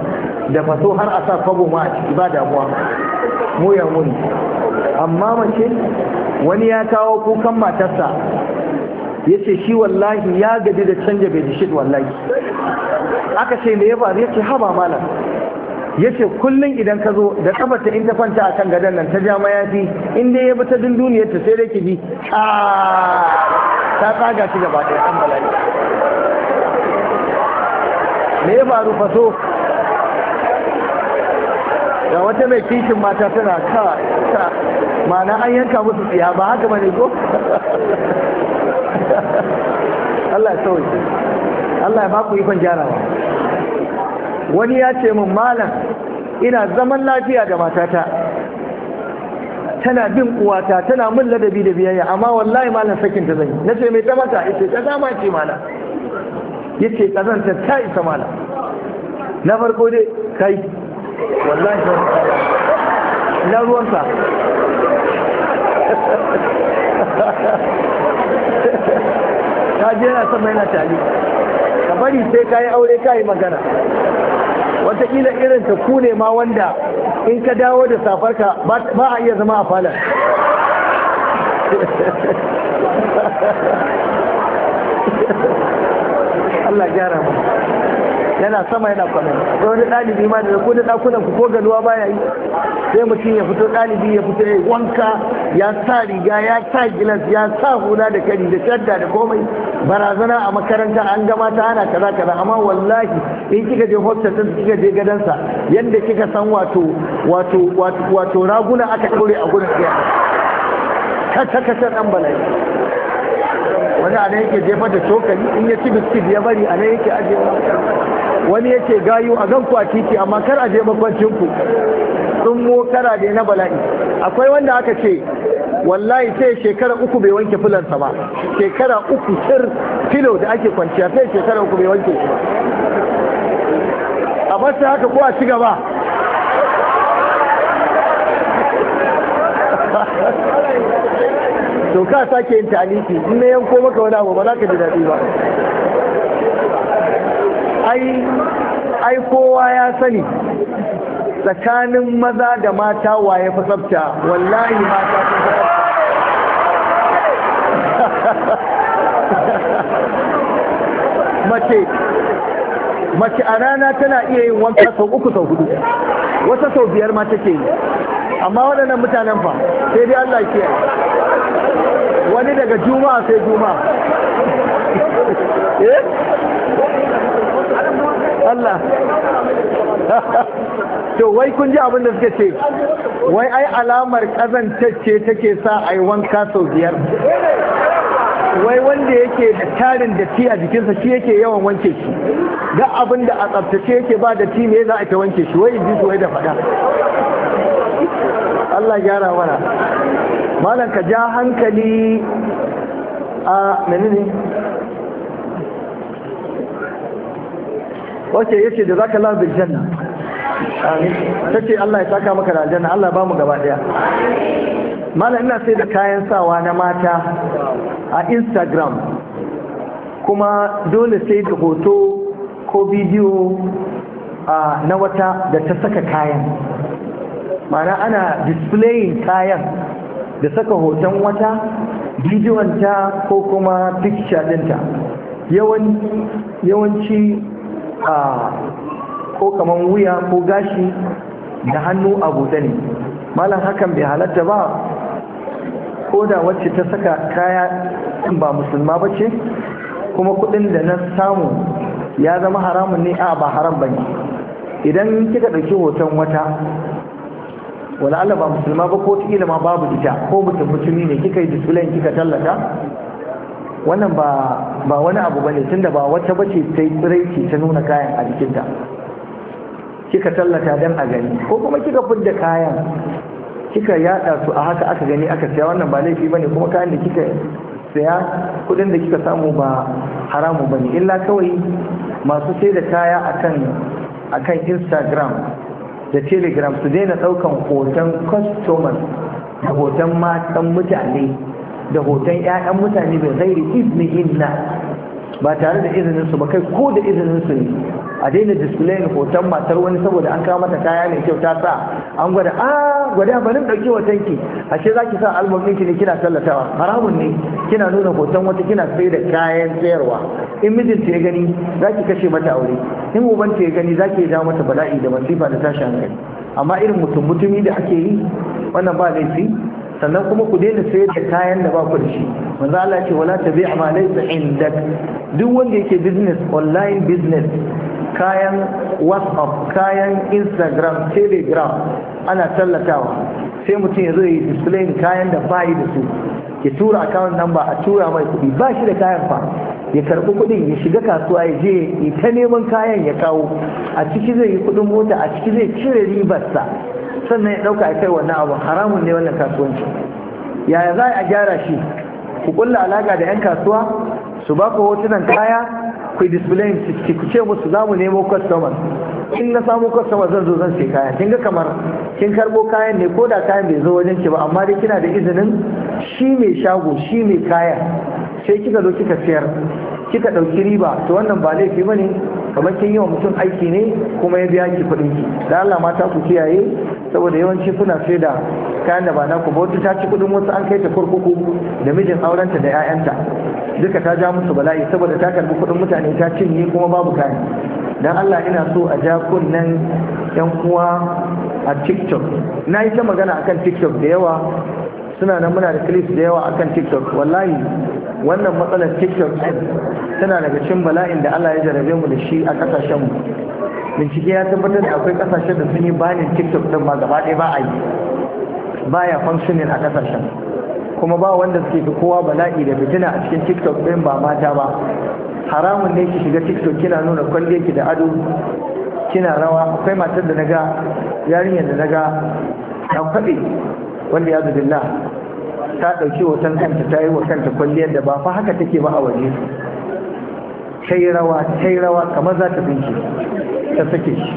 da faso har a sa kwabo ma a ciki ba damuwa mu ya muni amma mace wani ya kawo kukan matarsa ya ce shi wallahi ya gaji da canja bedishit wallahi aka ce me ya ya ce haba malam ya ce kullum idan ka zo da kafarta in ta kwanta a kan gadon nan ta ja mayafi in dai ya bi ta dunduniyar ta sai dai ki ji ta tsaga shi gaba ɗaya ɗan bala'i me ya faru faso da wata mai kishin mata tana ka ta mana an yanka musu tsiya ba haka bane ko Allah ya sauke Allah ya baku ikon jarawa wani ya ce min malam ina zaman lafiya da matata tana bin uwata tana min ladabi da biyayya amma wallahi malam sakin ta zan yi nace mai ta mata ita ta zama ce malam yace kazanta ta isa malam na farko dai kai wallahi na ta je sama yana tali ka bari sai ka yi aure ka yi magana wataƙila irin ta kune ma wanda in ka dawo da safarka ba a iya zama a falon Allah gyara mu yana sama yana kwanan ko wani ɗalibi ma da ko da ɗakunan ku ko galuwa baya yi sai mutum ya fito ɗalibi ya fito ya wanka ya sa riga ya sa gilas ya sa hula da kari da shadda da komai barazana a makaranta an gama ta ana kaza kaza amma wallahi in kika je hostel din kika je gadansa yanda kika san wato wato wato raguna aka dore a gurin kiyama kata kata dan bala'i wani a nan yake jefar da cokali in ya ci biskit ya bari a nan yake ajewa wani yake gayu a gan ku a titi amma kar a je bakwancin ku sun mu kara na bala'i akwai wanda aka ce wallahi sai shekara uku bai wanke filansa ba shekara uku sir filo da ake kwanciya sai shekara uku bai wanke shi ba a basta haka ko a ci gaba to ka sake yin taliki in na yanko maka wani abu ba za ka ji daɗi ba ai kowa ya sani tsakanin maza da mata waye fi tsafta wallahi mata sun fi mace mace a rana tana iya yin wanka sau uku sau hudu wata sau biyar ma take yi amma waɗannan mutanen fa sai dai Allah ke yi. wani daga juma'a sai juma'a eh? Allah to wai kun ji abin da suka ce wai ai alamar ce take sa ai wanka sau biyar wai wanda yake da tarin datti a jikinsa shi yake yawan wanke shi ga abin da a tsaftace yake ba datti ne za a ta wanke shi wai ji su wai da faɗa Allah gyara mana malam ka ja hankali a menene wace yace da zaka lafi bil janna amin tace Allah ya saka maka da aljanna Allah ba mu gaba daya malam ina sai da kayan sawa na mata a Instagram kuma dole sai da hoto ko bidiyo na wata da ta saka kayan mana ana display kayan da saka hoton wata bidiyonta ko kuma picture dinta yawanci ko kaman wuya ko gashi da hannu a buɗe ne malam hakan bai halatta ba ko da wacce ta saka kaya ba musulma ba ce kuma kuɗin da na samu ya zama haramun ne a ba haram ba ne idan kika ɗauki hoton wata wala Allah ba musulma ba ko ta ma babu ita ko mutum mutumi ne kika yi display kika tallata wannan ba wani abu bane tunda ba wata bace ta yi tsiraici ta nuna kayan a jikinta kika tallata dan a gani ko kuma kika fidda kayan kika yada su a haka aka gani aka saya wannan ba laifi bane kuma kayan da kika saya kudin da kika samu ba haramu bane illa kawai masu sai da kaya akan akan Instagram da Telegram su daina daukan hoton customers da hoton matan mutane da hoton 'ya'yan mutane bai zairi izini inna ba tare da izininsu ba kai ko da izininsu ne a daina display hoton matar wani saboda an kawo mata kaya mai kyau ta sa an gwada a ah, gwada bari ɗauki hoton ki ashe zaki sa album ki ne kina tallatawa haramun ne kina nuna hoton wata kina sai da kayan sayarwa in mijinta ya gani zaki kashe mata aure in ubanta ya gani zaki ki dawo mata bala'i da masifa da tashi hankali amma irin mutum mutumi da ake yi wannan ba laifi sannan kuma ku daina sayar da kayan da ba ku da shi manzo Allah ce wala tabi' ma laysa indak duk wanda yake business online business kayan whatsapp kayan instagram telegram ana tallatawa sai mutum ya zo yi display kayan da bayi da su ya tura account number a tura mai kuɗi ba shi da kayan fa ya karɓi kuɗin ya shiga kasuwa ya je ya ta neman kayan ya kawo a ciki zai yi kuɗin mota a ciki zai cire ribarsa sannan ya ɗauka a kai wannan abu haramun ne wannan kasuwanci yaya za a gyara shi ku kulla alaka da 'yan kasuwa su ba ku hotunan kaya ku display ku ce musu za mu nemo customer in na samu customer zan zo zan sai kaya kin ga kamar kin karbo kayan ne ko da kayan bai zo wajen ki ba amma dai kina da izinin shi mai shago shi mai kaya sai kika zo kika sayar kika ɗauki riba to wannan ba laifi bane kamar kin yi wa mutum aiki ne kuma ya biya ki kuɗin ki da Allah mata ku kiyaye saboda yawanci kuna sai da kayan da ba na ku wata ta ci kuɗin wasu an kai ta kurkuku da mijin aurenta da 'ya'yanta duka ta ja musu bala'i saboda ta karbi kuɗin mutane ta cinye kuma babu kayan dan Allah ina so a ja kunnen yan uwa a TikTok na yi ta magana akan TikTok da yawa suna nan muna da clips da yawa akan TikTok wallahi wannan matsalar tiktok din tana daga cikin bala'in da Allah ya jarabe mu da shi a kasashen mu bincike ya tabbatar da akwai kasashen da sun yi banin tiktok din ma gaba ɗaya ba a yi baya functioning a kasashen kuma ba wanda suke fi kowa bala'i da fitina a cikin tiktok din ba mata ba haramun ne ki shiga tiktok kina nuna kwalliyar ki da ado kina rawa akwai matar da ga? yarinyar da naga ta faɗi. wanda ya zubin ta ɗauki wutan kanta ta yi wa kanta kwalliyar da ba fa haka take ba a waje ta rawa ta yi rawa kamar za ta binke ta sake shi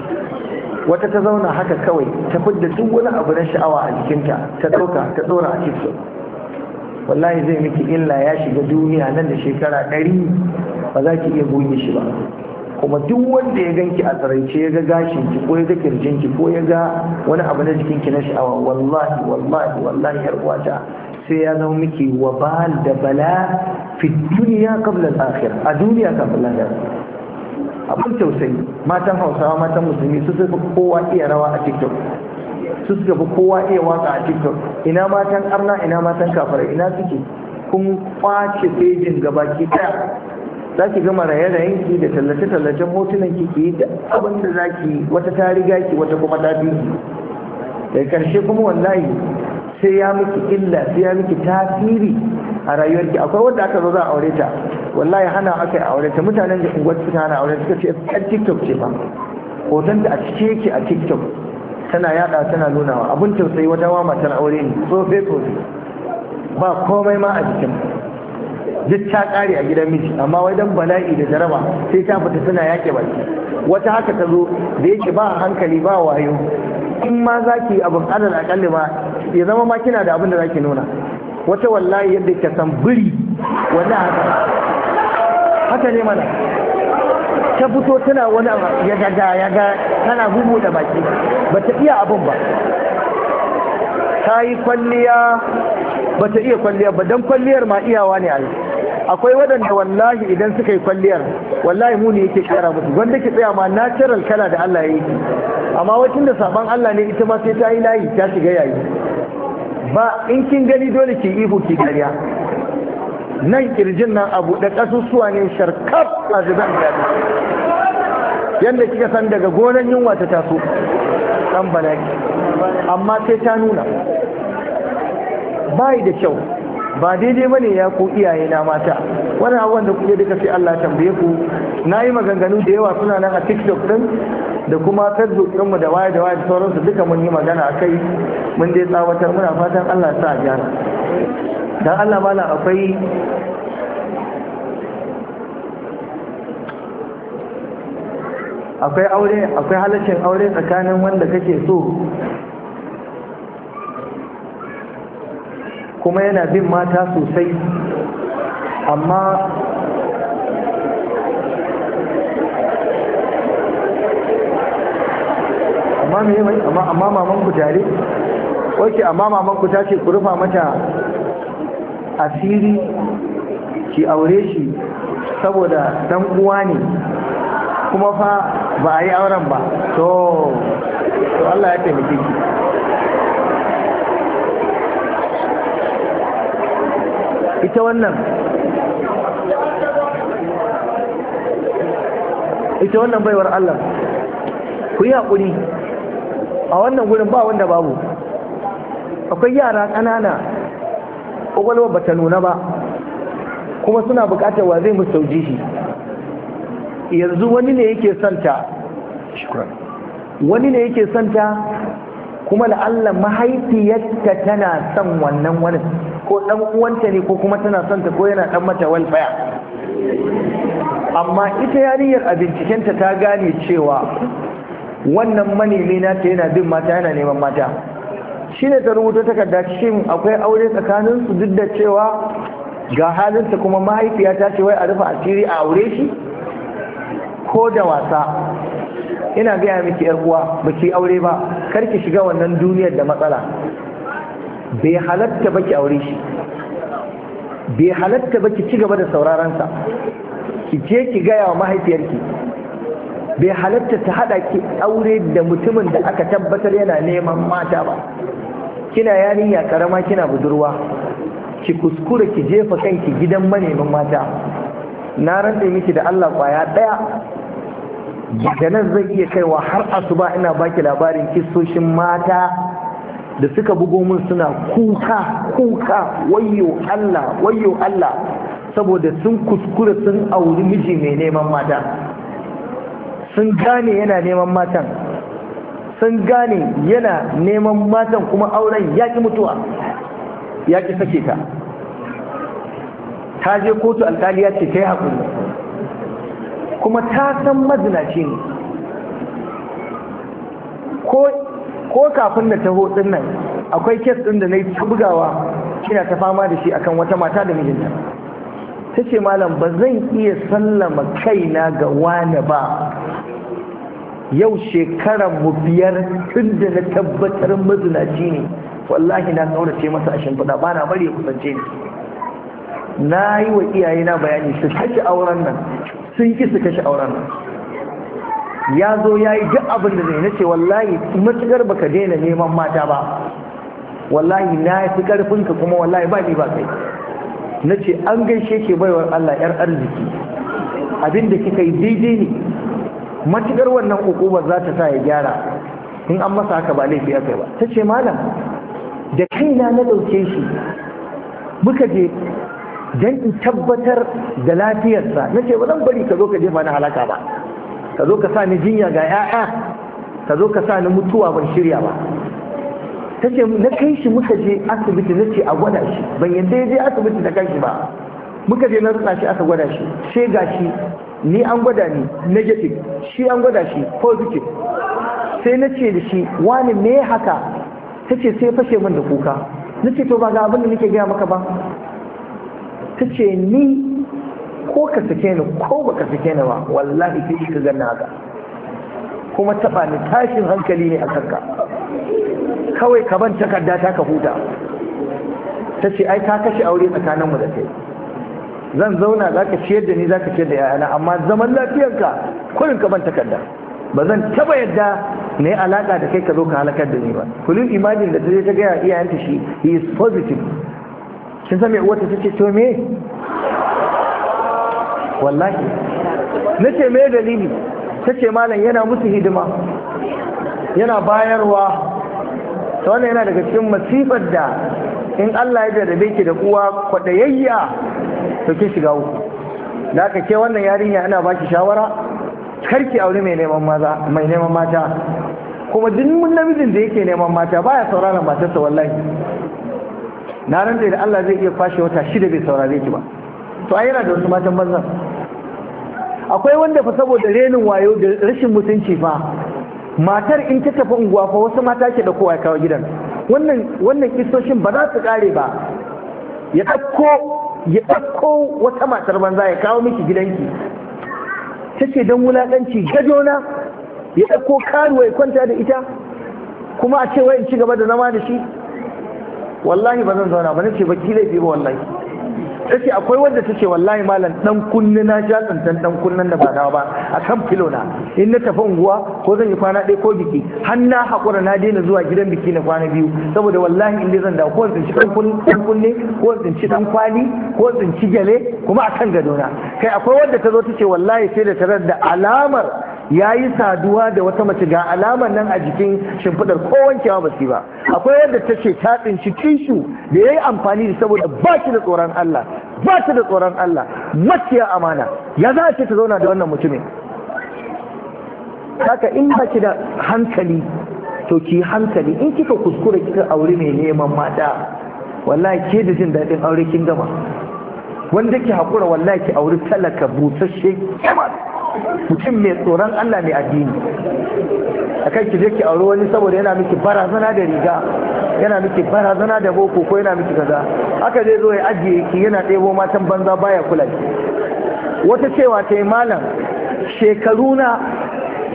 wata ta zauna haka kawai ta fidda duk wani abu na sha'awa a jikinta ta ɗauka ta ɗora a cikin wallahi zai miki illa ya shiga duniya nan da shekara ɗari ba za ki iya goge shi ba kuma duk wanda ya ganki a tsaraice ya ga gashin ki ko ya ga kirjin ki ko ya ga wani abu na jikin ki na sha'awa wallahi wallahi wallahi har uwata sai ya zama miki Ba'al da bala fi duniya kabla al-akhir a duniya kafin lahira abin tausayi matan hausawa matan musulmi su suka kowa iya rawa a tiktok su suka fi kowa iya waka a tiktok ina matan arna ina matan kafara ina suke kun kwace fejin gabaki daya za ki gama raye-rayen ki da tallace-tallacen hotunan ki ki da abin da za ki wata ta riga ki wata kuma ta fi da karshe kuma wallahi sai ya miki illa sai ya miki tasiri a rayuwarki akwai wanda aka zo za a aure ta wallahi hana aka aure ta mutanen da unguwar suka hana aure suka ce ɗan tiktok ce ba hoton da a cike yake a tiktok tana yada tana nunawa abun tausayi wata wama tana aure ne so fake ba komai ma a jikin duk ta kare a gidan miji amma wai dan bala'i da jaraba sai ta fita tana yake baki wata haka ta zo da yake ba hankali ba wayo in ma zaki abin adal akalli ma ya zama ma kina da abin da zaki nuna wata wallahi yadda ka san biri wallahi haka ne mana ta fito tana wani ya gaga ya ga tana bugu da baki ba ta iya abin ba ta yi kwalliya ba ta iya kwalliyar ba don kwalliyar ma iyawa ne a yi akwai waɗanda wallahi idan suka yi kwalliyar wallahi muni yake kera musu wanda ke tsaya ma natural kala da Allah ya yi amma wakin da saban Allah ne ita ma sai ta yi layi ta shiga yayi ba in kin gani dole ki ihu ki dariya nan kirjin nan abu da kasusuwa ne sharkaf a zuban gari yadda kika san daga gonan yunwa ta taso dan balaki amma sai ta nuna bai da kyau ba daidai bane ya ku iyaye na mata wani abubuwan da kuke duka sai Allah tambaye ku na yi maganganu da yawa suna nan a tiktok din da kuma facebook ɗinmu da waya da waya da sauransu duka mun yi magana a kai mun dai tsawatar muna fatan Allah sa gyara dan Allah mala akwai akwai aure akwai halaccin aure tsakanin wanda kake so kuma yana bin mata sosai amma amma a mai maman ku tare oke amma maman ku ta ce ku rufa mata asiri ki aure shi saboda dan uwa ne kuma fa ba a yi auren ba to Allah ya taimake ki ita wannan ita wannan baiwar Allah ku yi haƙuri a wannan gurin ba wanda babu akwai yara ƙanana ƙwaƙwalwa ba ta nuna ba kuma suna buƙatar wa zai musu shi yanzu wani ne yake santa wani ne yake santa kuma la'alla mahaifiyarta tana son wannan wani ko dan uwanta ne ko kuma tana son ta ko yana dan mata welfare amma ita yarinyar a bincikenta ta gane cewa wannan manemi na yana bin mata yana neman mata Shi ne ta rubuta takarda shin akwai aure tsakanin su duk da cewa ga halinsa kuma mahaifiya ta ce wai a rufe asiri a aure shi ko da wasa ina gaya miki yar uwa baki aure ba kar ki shiga wannan duniyar da matsala bai halatta baki aure shi bai halatta baki ci gaba da saurarensa ki je ki gaya wa mahaifiyarki bai halatta ta hada ki aure da mutumin da aka tabbatar yana neman mata ba kina yarinya karama kina budurwa ki kuskura ki jefa kanki gidan manemin mata na rantsa miki da Allah kwaya daya da nan zai iya kaiwa har asuba ina baki labarin kisoshin mata da suka bugo min suna kuka kuka wayo Allah wayo Allah saboda sun kuskura sun auri miji mai neman mata sun gane yana neman matan sun gane yana neman matan kuma auren yaƙi mutuwa yaƙi sake ta ta je kotu alƙali ce kai yi haƙuri kuma ta san mazinaci ne ko ko kafin da taho din nan akwai kes ɗin da na yi ta bugawa ina ta fama da shi akan wata mata da mijinta ta ce malam ba zan iya sallama kaina ga wani ba yau shekarar mu biyar tun da na tabbatar mazinaci ne wallahi na saurace masa a shimfiɗa ba na bari ya kusance ni na yi wa iyayena bayani su kashe auren nan sun ki su kashe auren nan ya zo ya yi duk abin da zai nace wallahi matukar baka daina neman mata ba wallahi na ya fi karfinka kuma wallahi ba ni ba kai na ce an gaishe ke baiwar Allah 'yar arziki abin da kika yi daidai ne Matukar wannan hukumar za ta sa ya gyara in an masa haka ba laifi aka ba ta ce malam da kaina na ɗauke shi muka je don in tabbatar da lafiyarsa na ce ba zan bari ka zo ka jefa na halaka ba ka zo ka sa ni jinya ga 'ya'ya ka zo ka sa ni mutuwa ban shirya ba ta ce na kai shi muka je asibiti na ce a gwada shi ban yadda ya je asibiti da kanshi ba muka je na rutsa shi aka gwada shi sai ga shi ni an gwada ni negative shi an gwada shi positive sai na ce da shi wani me haka ta ce sai fashe min da kuka na ce to ba ga abin da nake gaya maka ba ta ce ni ko ka sake ni ko ba ka sake ni ba wallahi sai ka ganna haka kuma taba ni tashin hankali ne a kanka kawai ka ban takarda ta ka huta ta ce ai ka kashe aure tsakaninmu da kai zan zauna za ka ciyar da ni za ka ciyar da yayana amma zaman lafiyarka kurin ka ban takarda ba zan taba yadda na yi alaƙa da kai ka zo ka halakar da ni ba kullum imajin da ta je ta gaya iyayenta shi he is positive kin san me uwarta ta ce to me wallahi na ce mai dalili ta ce malam yana musu hidima yana bayarwa ta wannan yana daga cikin masifar da in Allah ya jarrabe ki da uwa kwadayayya to ki shiga uku da aka ke wannan yarinya ana baki shawara karki aure mai neman maza mai neman mata kuma duk mun namijin da yake neman mata baya sauraron matarsa wallahi na ran da Allah zai iya kwashe wata shida bai saurare ki ba to ai yana da wasu matan mazan akwai wanda fa saboda renin wayo da rashin mutunci fa matar in ta tafi unguwa fa wasu mata ke da kowa ya kawo gidan wannan wannan kistoshin ba za su kare ba ya dauko ya dauko wata matar banza ya kawo miki gidanki ta dan don wulaƙanci gajona ya dauko karuwa ya kwanta da ita kuma a ce wai in ci gaba da zama da shi wallahi ba zan zauna ba nace ba ki laifi ba wallahi take akwai wanda tace wallahi malam dan kunne na ja tsantan dan kunnen da ba nawa ba akan filo na in na tafi unguwa ko zan yi kwana ɗaya ko biki har na hakura na daina zuwa gidan biki na kwana biyu saboda wallahi in dai zan da ko zan ci dan kunne ko zan tsinci dan kwali ko zan tsinci gyale kuma akan gado na kai akwai wanda ta zo tace wallahi sai da tarar da alamar ya yi saduwa da wata mace ga alamar nan a jikin shimfidar ko wankewa ba ba akwai yadda ta ce ta tsinci tishu da ya yi amfani da saboda ba shi da tsoron Allah ba shi da tsoron Allah maciya amana ya za a ce ta zauna da wannan mutumin haka in ba ki da hankali to ki hankali in kika kuskura kika aure mai neman mata wallahi ke da jin daɗin aure kin gama wanda ki haƙura wallahi ki aure talaka busasshe mutum mai tsoron Allah mai addini a kai ki je ki auri wani saboda yana miki barazana da riga yana miki barazana da boko ko yana miki kaza aka zai zo ya ajiye ki yana ɗebo matan banza baya kula ki wata cewa ta yi malam shekaru na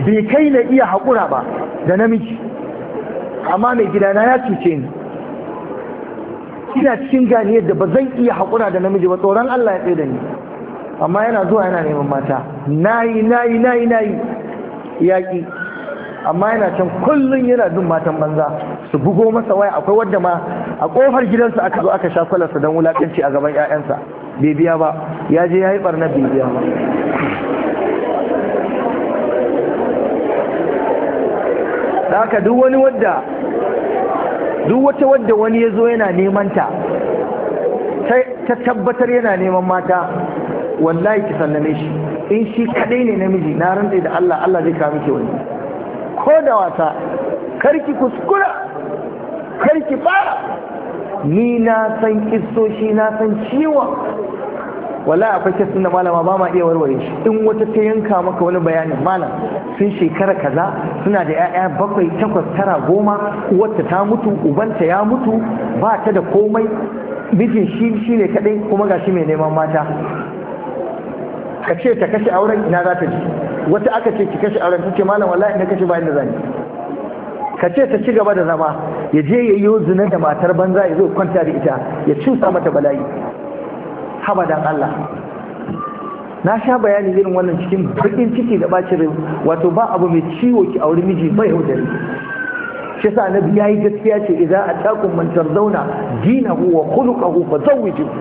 bai kai na iya haƙura ba da namiji amma mai gidana ya cuce ni ina cikin ganiyar yadda ba zan iya haƙura da namiji ba tsoron Allah ya tsaye da ni amma yana zuwa yana neman mata nayi nayi nayi nayi yaƙi amma yana can kullum yana bin matan banza su bugo masa waya akwai wadda ma a kofar gidansa aka zo aka sha kwalarsa don wulaƙanci a gaban 'ya'yansa bai ba ya je ya yi ɓarnar bai biya ba da haka duk wani wadda duk wata wadda wani ya zo yana neman ta ta tabbatar yana neman mata wallahi ki sallame shi in shi kadai ne namiji na rantsa da Allah Allah zai kawo miki wani ko da wasa karki kuskura karki fara ni na san kistoshi na san ciwon wala akwai kisan da malama ba ma iya warware shi in wata ta yanka maka wani bayani malam sun shekara kaza suna da 'ya'ya bakwai takwas tara goma Wata ta mutu ubanta ya mutu ba ta da komai mijin shi shi ne kaɗai kuma shi mai neman mata ka ce ta kashe auren ina za ta ji wata aka ce ki kashe auren ta malam wallahi ina kashe bayan da zane. ka ce ta ci gaba da zama ya je ya yi zina da matar banza ya zo kwanta da ita ya cusa mata balayi. haba dan Allah na sha bayani irin wannan cikin bakin ciki da bacin rai wato ba abu mai ciwo ki auri miji bai yaudari shi na annabi yayi gaskiya ce a zauna atakum man tarzawna dinahu wa khuluquhu fazawwijuhu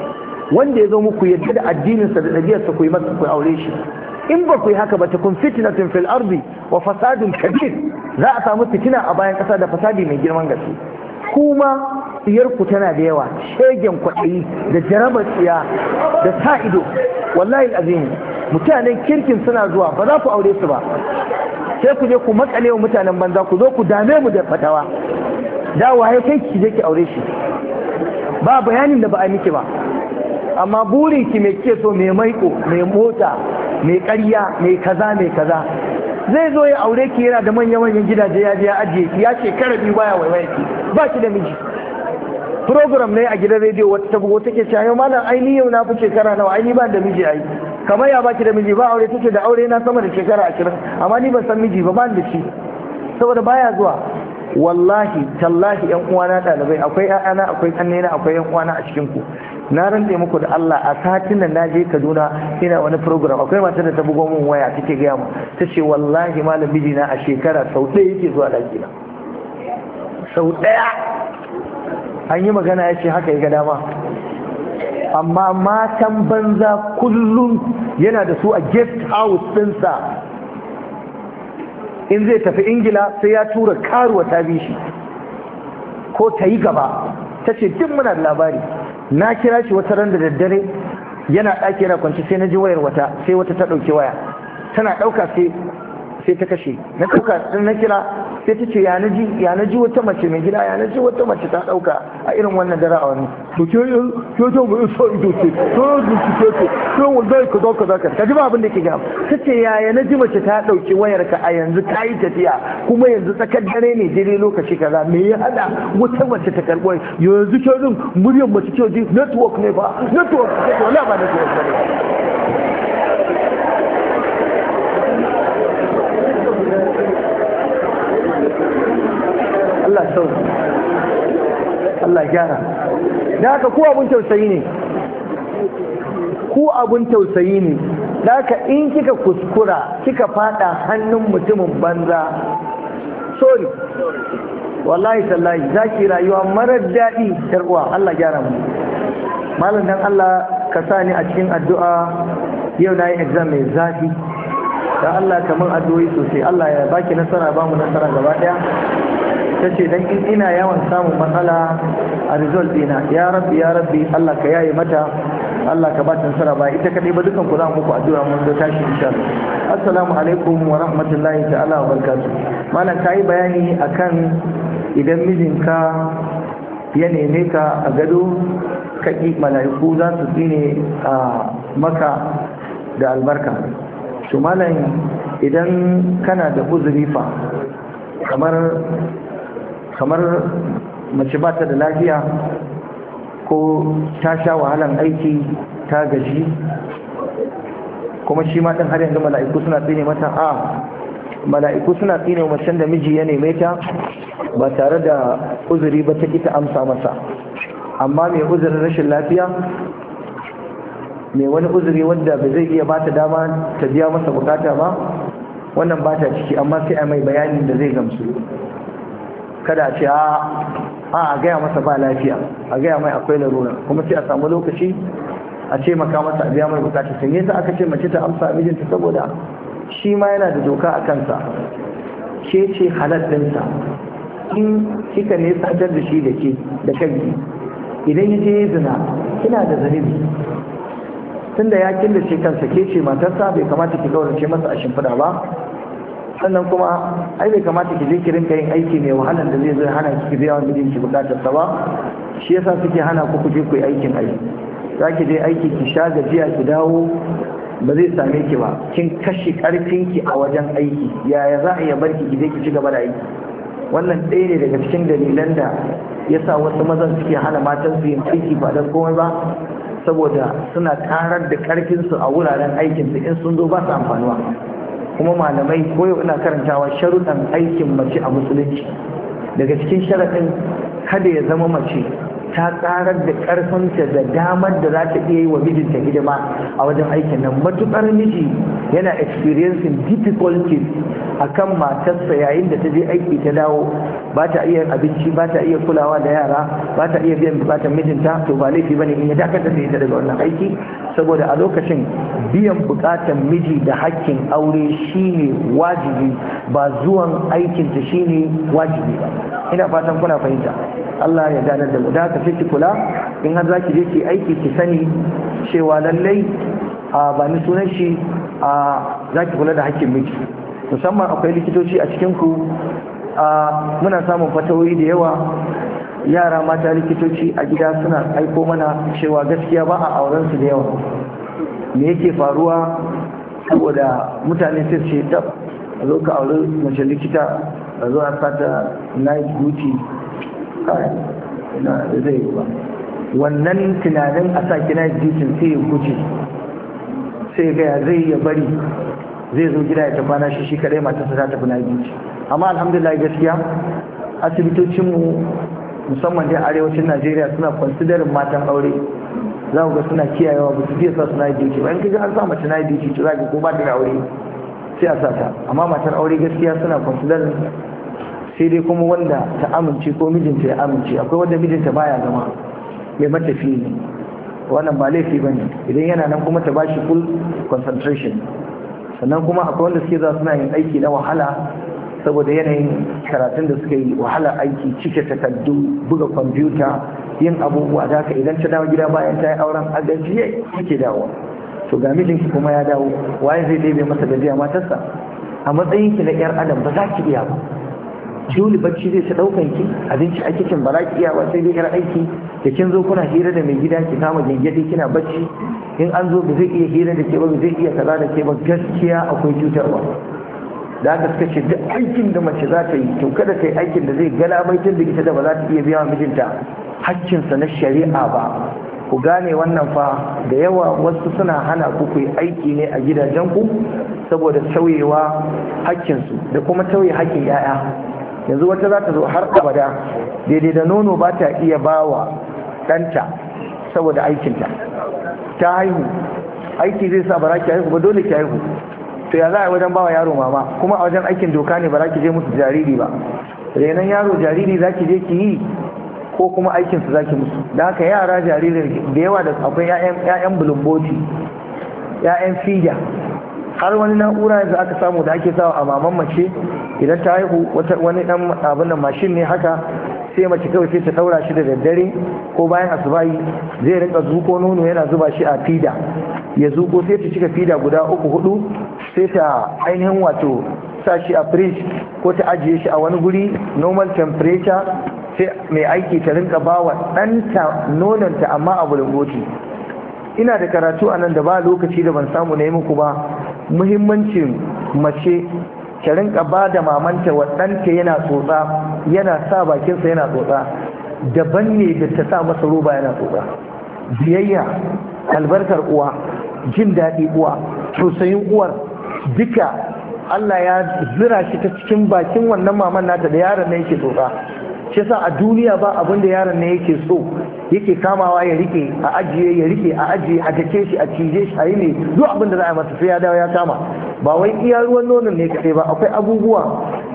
wanda ya zo muku yadda da addininsa da ɗabi'arsa ku yi masa ku aure shi in ba ku yi haka ba kun fitnatun fil ardi wa fasadin kabir za a samu fitina a bayan ƙasa da fasadi mai girman gaske kuma tsiyarku tana da yawa shegen kwaɗayi da jarabar tsiya da sa ido wallahi azimi mutanen kirkin suna zuwa ba za ku aure su ba sai ku je ku makale wa mutanen banza ku zo ku dame mu da fatawa da waye kai ki je ki aure shi ba bayanin da ba a miki ba amma burinki mai kike so mai maiko mai mota mai karya, mai kaza mai kaza zai zo ya aure ki yana da manyan manyan gidaje ya je ya ajiye ki ya ce karabi baya waiwaye ki ba ki da miji program ne a gidan rediyo wata ta bugo take cewa yau malam ai ni yau na fi shekara nawa ai ni ba da miji ai kamar ya baki da miji ba aure take da aure na sama da shekara ashirin amma ni ban san miji ba ba da shi saboda baya zuwa wallahi tallahi yan uwana ɗalibai akwai ƴaƴana akwai na akwai yan uwana a cikin ku na rantse muku da Allah a satin da na je Kaduna ina wani program akwai matar da ta bugo min waya take gaya mu ta ce wallahi malam na a shekara sau ɗaya yake zuwa ɗaki na sau ɗaya an yi magana ya ce haka ya ga dama amma matan banza kullum yana da su a guest house ɗinsa in zai tafi ingila sai ya tura karuwa ta bi shi ko ta yi gaba ta ce duk muna da labari na kira shi wata ran da daddare yana ɗaki yana kwanci sai na ji wayar wata sai wata ta ɗauki waya tana ɗauka sai ta kashe na ɗauka na kira sai ta ce ya na ji wata mace mai gida ya na ji wata mace ta dauka a irin wannan dare a wani to ke ke ta mai isa ido ce to su ce ce to wallahi ka zaka zaka ka ji ba abin da ke ga ta ce ya ya na ji mace ta dauki wayar ka a yanzu ta yi tafiya kuma yanzu tsakar dare ne dare lokaci kaza me ya hada wata mace ta karbo yanzu ke din muryar mace ce network ne ba network ce wallahi ba network ba Allah sau Allah gyara da haka ku abun tausayi ne ku abun tausayi ne da haka in kika kuskura kika fada hannun mutumin banza sorry wallahi sallahi za ki rayuwa marar daɗi tarwa Allah gyara mu malam dan Allah ka sa ni a cikin addu'a yau na yi exam mai zafi da Allah kamar addu'o'i sosai Allah ya baki nasara ba mu nasara gaba ɗaya ta ce dan in ina yawan samun matsala a result dina ya rabbi ya rabbi Allah ka yaye mata Allah ka ba ta nasara ba ita kadai ba dukan ku za mu muku addu'a mun zo tashi insha Allah assalamu alaikum wa rahmatullahi ta'ala wa barakatuh malam yi bayani akan idan mijinka ya neme ka a gado kaki mala'iku za su tsine a maka da albarka Su malam idan kana da uzuri fa kamar kamar mace ba ta da lafiya ko ta sha wahalan aiki ta gaji kuma shi matan har yanzu mala'iku suna tsine mata a mala'iku suna tsine macen da miji ya neme ta ba tare da uzuri ba ta ita amsa masa amma mai uzurin rashin lafiya mai wani uzuri wanda ba zai iya bata dama ta biya masa bukata ba wannan ba ta ciki amma sai a mai bayanin da zai gamsu kada ce ah, a a gaya masa ba lafiya a gaya mai akwai larura kuma sai a samu lokaci a ce maka masa biya mai bukatar sai yasa aka ce mace ta amsa mijinta saboda shi ma yana da doka a kansa ke ce halar ɗinsa in kika ne tsatar da shi da ke da kanki idan ya je zina kina da zunubi tunda ya killace kansa ke ce matarsa bai kamata ki kaurace masa a shimfiɗa ba sannan kuma ai bai kamata ki je ki rinka yin aiki mai wahalar da zai zo hana ki biya wa ki bukatar sa ba shi yasa suke hana ku kuje ku yi aikin ai za ki je aiki ki sha gajiya ki dawo ba zai same ki ba kin kashe ki a wajen aiki yaya za a iya bar ki je ki ci gaba da aiki wannan ɗaya ne daga cikin dalilan da ya sa wasu mazan suke hana matan su yin aiki ba don komai ba saboda suna karar da karfinsu a wuraren aikinsu in sun zo ba su amfanuwa kuma malamai koyo ina karantawa sharuɗan aikin mace a musulunci daga cikin sharaɗin kada ya zama mace ta karar da karfinta da damar da za ta iya yi wa mijinta hidima a wajen aikin nan matukar miji yana experiencing difficulties akan matarsa yayin da ta je aiki ta dawo ba ta iya abinci ba ta iya kulawa da yara ba ta iya biyan bukatar mijinta to ba laifi bane in ya dakata da ita daga wannan aiki saboda a lokacin biyan bukatar miji da hakkin aure shine wajibi ba zuwan aikinta shine wajibi ba ina fatan kuna fahimta Allah ya danar da mu sai ki kula in har za ki je ki aiki ki sani cewa lallai a ba ni sunan shi a za ki kula da hakkin miki musamman akwai likitoci a cikin ku a muna samun fatawoyi da yawa yara mata likitoci a gida suna aiko mana cewa gaskiya ba a auren su da yawa me yake faruwa saboda mutane sai ce tab a zo aure mace likita a zo a sata night duty zai yi ba wannan tunanin a sa kina jikin sai ya guje sai ga ya zai ya bari zai zo gida ya tabbana na shi shi kadai matarsa ta tafi na bici amma alhamdulillah gaskiya asibitocinmu musamman dai arewacin najeriya suna considerin matan aure za ku ga suna kiyayewa ba su fiye sa suna yi ba in kaji an sa mace na yi duki to za ko ba ta aure sai a ta amma matar aure gaskiya suna considerin sai dai kuma wanda ta amince ko mijinta ya amince akwai wanda mijinta baya zama mai matafi ne wannan ba laifi ba ne idan yana nan kuma ta bashi full concentration sannan kuma akwai wanda suke za suna yin aiki na wahala saboda yanayin karatun da suka yi wahala aiki cike takardu buga kwamfuta yin abubuwa da haka idan ta dawo gida bayan ta yi auren agajiyar suke dawo to ga mijinki kuma ya dawo waye zai ɗebe masa gajiya matarsa a matsayinki na 'yar adam ba za ki iya ba dole bacci zai sa daukan ki abinci a kicin ba za ki iya ba sai dai yar aiki da kin zo kuna hira da mai gida ki kama gengedi kina bacci in an zo ba zai iya hira da ke ba zai iya kaza da ke ba gaskiya akwai cutarwa da haka suka duk aikin da mace za ta yi to kada ta yi aikin da zai galabaitar da ita da ba za ta iya biya mijinta hakkinsa na shari'a ba ku gane wannan fa da yawa wasu suna hana ku ku aiki ne a gidajen ku? saboda tauyewa hakkinsu da kuma tauye hakkin 'ya'ya yanzu wata za ta zo har abada daidai da nono ba ta iya bawa ɗanta saboda aikinta ta haihu aiki zai sa baraki haihu ba dole ki haihu to ya za a wajen bawa yaro mama kuma a wajen aikin doka ne baraki je musu jariri ba renon yaro jariri za ki je ki yi ko kuma aikinsu za ki musu da haka yara jaririn da yawa da akwai 'ya'yan bulumboti 'ya'yan fiya har wani na'ura yanzu aka samu da ake sawa a maman mace idan ta haihu wani dan abin da mashin ne haka sai mace kawai sai ta daura shi da daddare ko bayan asubahi zai rinka zuko nono yana zuba shi a fida ya zuko sai ta cika fida guda uku hudu sai ta ainihin wato sa shi a fridge ko ta ajiye shi a wani guri normal temperature sai mai aiki ta rinka bawa ɗanta nononta amma a bulungoti ina da karatu a nan da ba lokaci da ban samu na yi muku ba muhimmancin mace ta rinka ba da mamanta wa yana tsotsa yana sa bakinsa yana tsotsa daban ne da ta sa masa roba yana tsotsa biyayya albarkar uwa jin daɗi uwa tosayin uwar duka Allah ya zira shi ta cikin bakin wannan maman nata da yaron nan yake tsotsa shi sa a duniya ba abin da yaron ne yake so yake kamawa ya rike a ajiye ya rike a ajiye a dake shi a cije shi a yi ne duk abin da za a masa sai ya dawo ya kama ba wai iya ruwan nonon ne kaɗai ba akwai abubuwa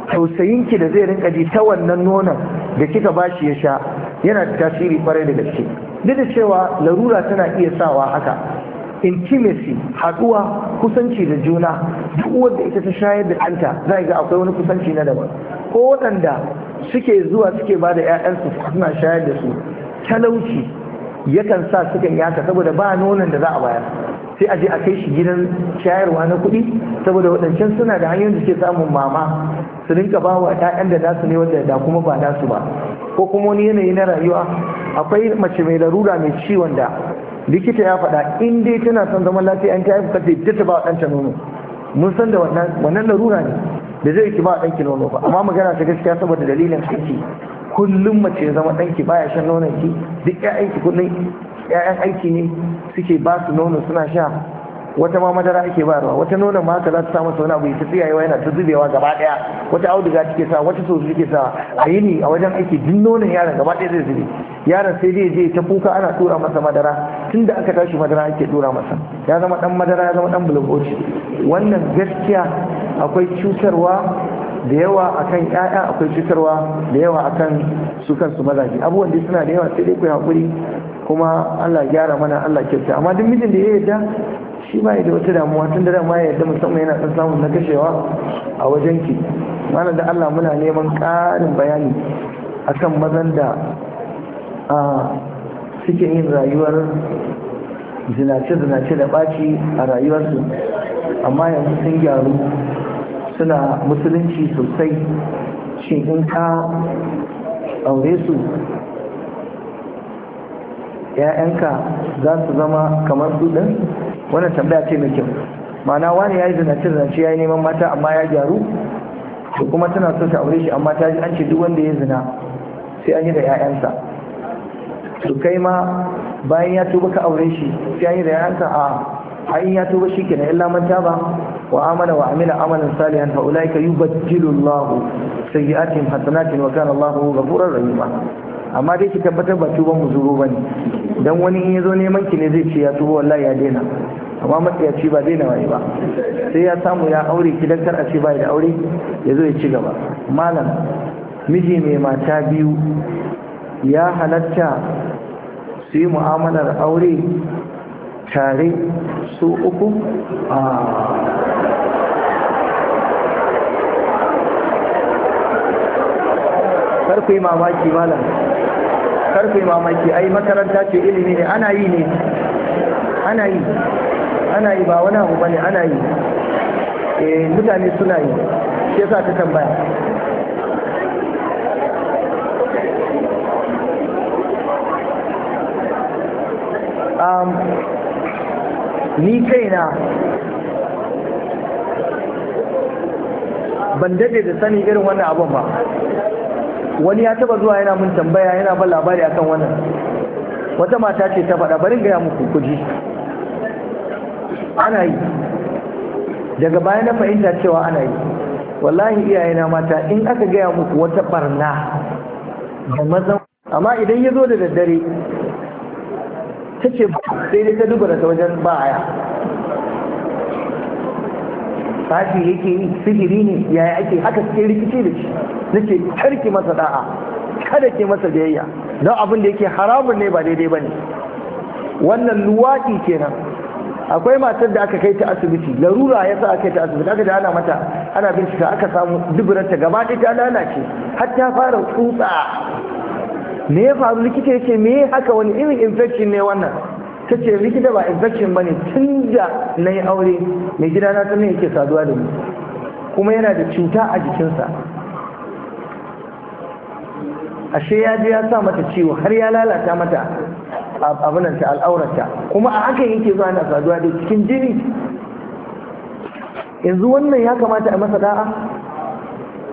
tausayin ki da zai rinka ji ta wannan nonon da kika bashi ya sha yana da tasiri kwarai da gaske duk da cewa larura tana iya sawa haka intimacy haɗuwa kusanci da juna duk wanda ita ta shayar da ɗanta za a ga akwai wani kusanci na daban ko waɗanda suke zuwa suke ba da 'ya'yansu suna shayar da su talauci yakan sa sukan yaka saboda ba nonon da za a bayar sai a je a kai shi gidan shayarwa na kuɗi saboda waɗancan suna da hanyoyin da suke samun mama su rinka ba wa 'ya'yan da nasu ne wanda da kuma ba nasu ba ko kuma wani yanayi na rayuwa akwai mace mai larura mai ciwon da likita ya faɗa in dai tana son zaman lafiya an ta yi ta ba wa ɗanta nono mun san da wannan larura ne da zai ki ba ɗanki nono ba amma magana ta gaskiya saboda dalilin aiki kullum mace ya zama ɗanki baya shan nonon ki duk 'ya'yan aiki ne suke ba su nono suna sha wata ma madara ake bayarwa wata nonon ma haka za ta samu sauna bai ta tsiyayewa yana ta zubewa gaba daya wata auduga take sa wata sosu take sa a yi ni a wajen aiki duk nonon yaron gaba daya zai zube yaron sai dai je ta kuka ana tura masa madara tunda aka tashi madara ake tura masa ya zama dan madara ya zama dan bulgoci wannan gaskiya akwai cutarwa da yawa akan ƴaƴa akwai cutarwa da yawa akan su kansu mazaje abubuwan da suna da yawa sai dai ku hakuri kuma Allah gyara mana Allah kyauta amma duk mijin da ya yarda shi ba da wata damuwa tun da dama ya yarda musamman yana ɗan samun na kashewa a wajen ki mana da Allah muna neman ƙarin bayani akan mazan da suke yin rayuwar zinace-zinace da ɓaci a rayuwarsu amma yanzu sun gyaru suna musulunci sosai shi in ka aure su ‘ya'yanka za su zama kamar ɗin? wannan tambaya ce mai kyau mana wani ya yi zinace zinace ya yi neman mata amma ya gyaru da kuma tana so ta aure shi amma ta ji an ce duk wanda ya zina sai an yi da ‘ya'yansa to kai ma bayan ya tuba ka aure shi sai an yi da ‘ya'yansa a in ya tuba shi kenan illa man taba wa amana wa amila amalan salihan fa ka yubaddilu Allah sayyi'atihim hasanatin wa kana Allah ghafurur rahima amma dai ki tabbatar ba tuban muzuru bane dan wani in yazo neman ki ne zai ce ya tuba wallahi ya daina amma ya ci ba daina waye ba sai ya samu ya aure ki dan kar a ce bai da aure yazo ya ci gaba malam miji mai mata biyu ya halatta su yi mu'amalar aure tare su uku a karku yi mamaki malam karku yi mamaki ai makaranta ce ilimi ne ana yi ne ana yi ana yi ba wani abu bane ana yi eh mutane suna yi ke sa ka tambaya um ni kaina ban daɗe da sani irin wannan abun ba wani ya taba zuwa yana mun tambaya yana ban labari akan wannan wata mata ce ta faɗa barin gaya muku kuji ana yi daga baya na fahimta cewa ana yi wallahi iyayena mata in aka gaya muku wata barna da mazan amma idan ya zo da daddare ta ce sai dai ta duba ta wajen ba aya sashi yake yi sihiri ne yaya ake haka suke rikici da shi nake karki masa da'a kada ke masa biyayya don abin da yake haramun ne ba daidai ba ne wannan luwaɗi kenan akwai matar da aka kai ta asibiti larura ya sa aka kai ta asibiti aka da ana mata ana bincika aka samu ta gaba ɗaya ta lalace har ta fara tsutsa me ya faru likita ya ce me haka wani irin infection ne wannan ta ce likita ba infection ba ne tun da na yi aure mai gida na tun yake saduwa da mu. kuma yana da cuta a jikinsa ashe ya je ya sa mata ciwo har ya lalata mata abinanta al'aurata. kuma a hakan yake zuwa na saduwa da cikin jini yanzu wannan ya kamata a masa da'a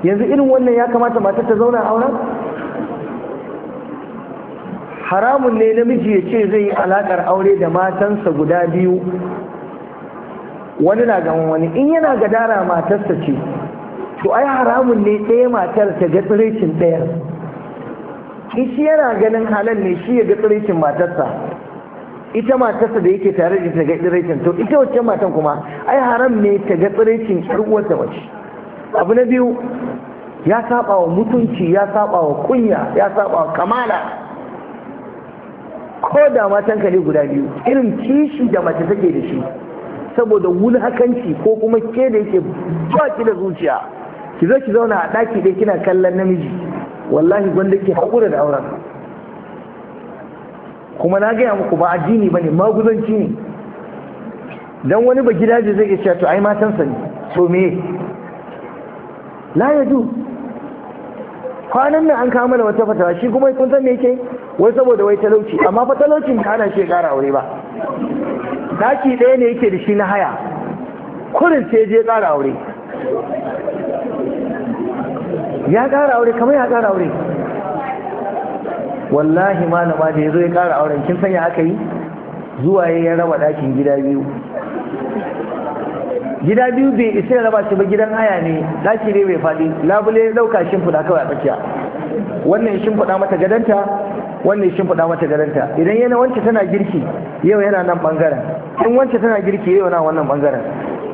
yanzu irin wannan ya kamata matar ta zauna auren haramun ne namiji ya ce zai yi alaƙar aure da matansa guda biyu wani na gaban wani in yana gadara matarsa ce to ai haramun ne ɗaya matar ta ga ɗaya in shi yana ganin halal ne shi ya ga tsiricin matarsa ita matarsa da yake tare da ta ga tsiricin to ita wacce matan kuma ai haram ne ta ga tsiricin ƴar wacce abu na biyu ya saba wa mutunci ya saba wa kunya ya saba wa kamala ko da matan ka ne guda biyu irin kishi da mace take da shi saboda wulhakanci ko kuma ke da yake ba ki da zuciya ki zo ki zauna a ɗaki dai kina kallon namiji wallahi gwanda ke haƙura da auren kuma na gaya muku ba addini ba ne maguzanci ne dan wani ba gidaje zai iya cewa to ai matansa ne to me la yadu. kwanan nan an kawo mana wata fatawa shi kuma kun san me yake wai saboda wai talauci amma fa talaucin ba ana shi ƙara aure ba daki ɗaya ne yake da shi na haya kurin sai je ƙara aure ya ƙara aure kamar ya ƙara aure wallahi malama da ya zo ya ƙara auren kin san ya aka yi zuwa ya raba ɗakin gida biyu gida biyu bai isa raba shi ba gidan haya ne daki ne bai faɗi labule ɗauka shimfiɗa kawai a tsakiya wannan shimfiɗa mata gadanta wannan shimfiɗa mata gadanta idan yana wance tana girki yau yana nan ɓangaren in wance tana girki yau yana wannan ɓangaren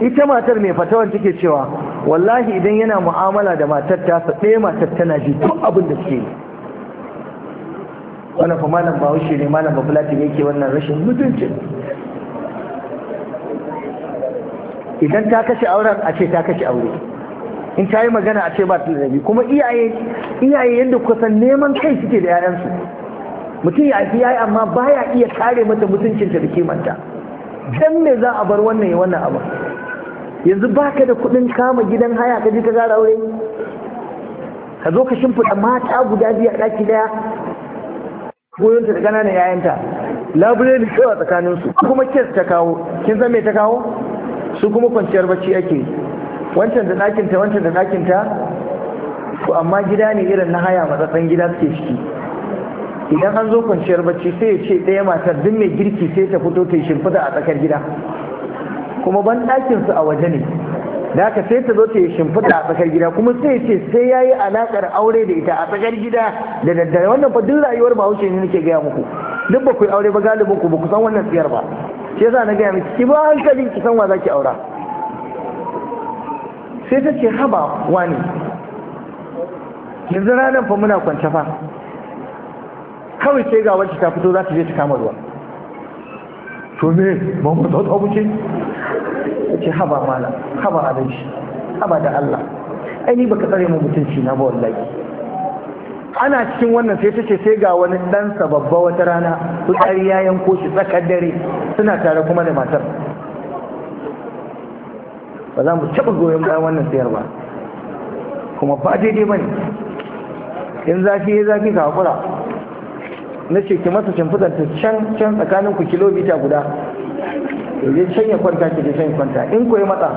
ita matar mai fatawan take cewa wallahi idan yana mu'amala da matar tasa ɗaya matar tana ji duk abin da suke wannan fa malam bahaushe ne malam babulati yake wannan rashin mutunci idan ta kashe auren a ce ta kashe aure in ta yi magana a ce ba ta zabi kuma iyaye iyaye yadda kusan neman kai suke da 'ya'yansu mutum ya haifi yayi amma baya iya kare mata mutuncinta da kimanta dan me za a bar wannan ya wannan abu yanzu baka da kuɗin kama gidan haya ka ji ka gara aure ka zo ka shimfiɗa mata guda biyu a ɗaki ɗaya goyonta da ƙananan 'ya'yanta labule da tsakaninsu kuma kes ta kawo kin san me ta kawo su kuma kwanciyar bacci ake wancan da ɗakinta wancan da ɗakinta to amma gida ne irin na haya matsatsan gida suke ciki idan an zo kwanciyar bacci sai ya ce ɗaya matar duk mai girki sai ta fito ta yi shimfiɗa a tsakar gida kuma ban ɗakinsu a waje ne da haka sai ta zo ta yi shimfida a tsakar gida kuma sai ce sai ya yi alaƙar aure da ita a tsakar gida da daddare wannan fa duk rayuwar bahaushe ne nake gaya muku duk ba ku yi aure ba galibin ku ba ku san wannan tsiyar ba shi yasa na gaya miki ki ba hankali ki san wa zaki aura sai ta ce haba wani yanzu ranar fa muna kwance fa kawai sai ga wacce ta fito za ta je ta kama ruwa to me ba mu tsotsa buce ce haba mala haba abinci haba da Allah ai ni baka tsare mu mutunci na ba wallahi ana cikin wannan sai ta ce sai ga wani ɗansa babba wata rana fitsari ya yanko shi tsakar dare suna tare kuma da matar ba za mu taɓa goyon bayan wannan sayar ba kuma ba daidai ba ne in zafi ya zafi ka haƙura na ce ki masa shimfiɗar ta can can tsakanin ku kilomita guda ya can ya kwanta ki je can ya kwanta in ku yi matsa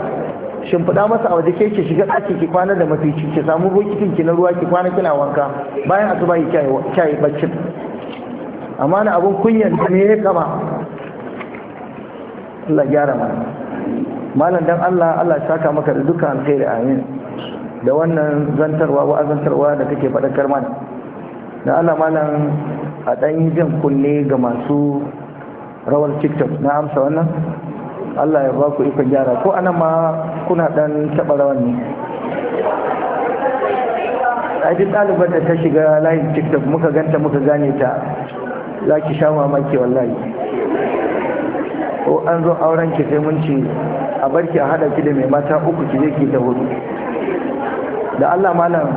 shimfiɗa masa a waje ke ki shiga ɗaki ki kwana da mafi ki samu bokitin ki na ruwa ki kwana kina wanka bayan asuba ki kya'i bacci amma na abun kunyan da ne ya kama Allah gyara mana malam dan Allah Allah saka maka da dukkan alkhairi amin da wannan zantarwa zantarwa da kake faɗakar mana da Allah malam a ɗan yi jan kunne ga masu rawar tiktok na amsa wannan Allah ya ba ku ikon gyara ko anan ma kuna dan taɓa rawan ne a duk ɗalibar da ta shiga layin tiktok muka ganta muka gane ta za ki sha mamaki wallahi ko an zo auren ki sai mun ci a barki a haɗa ki da mai mata uku ki je ki ta hudu da Allah malam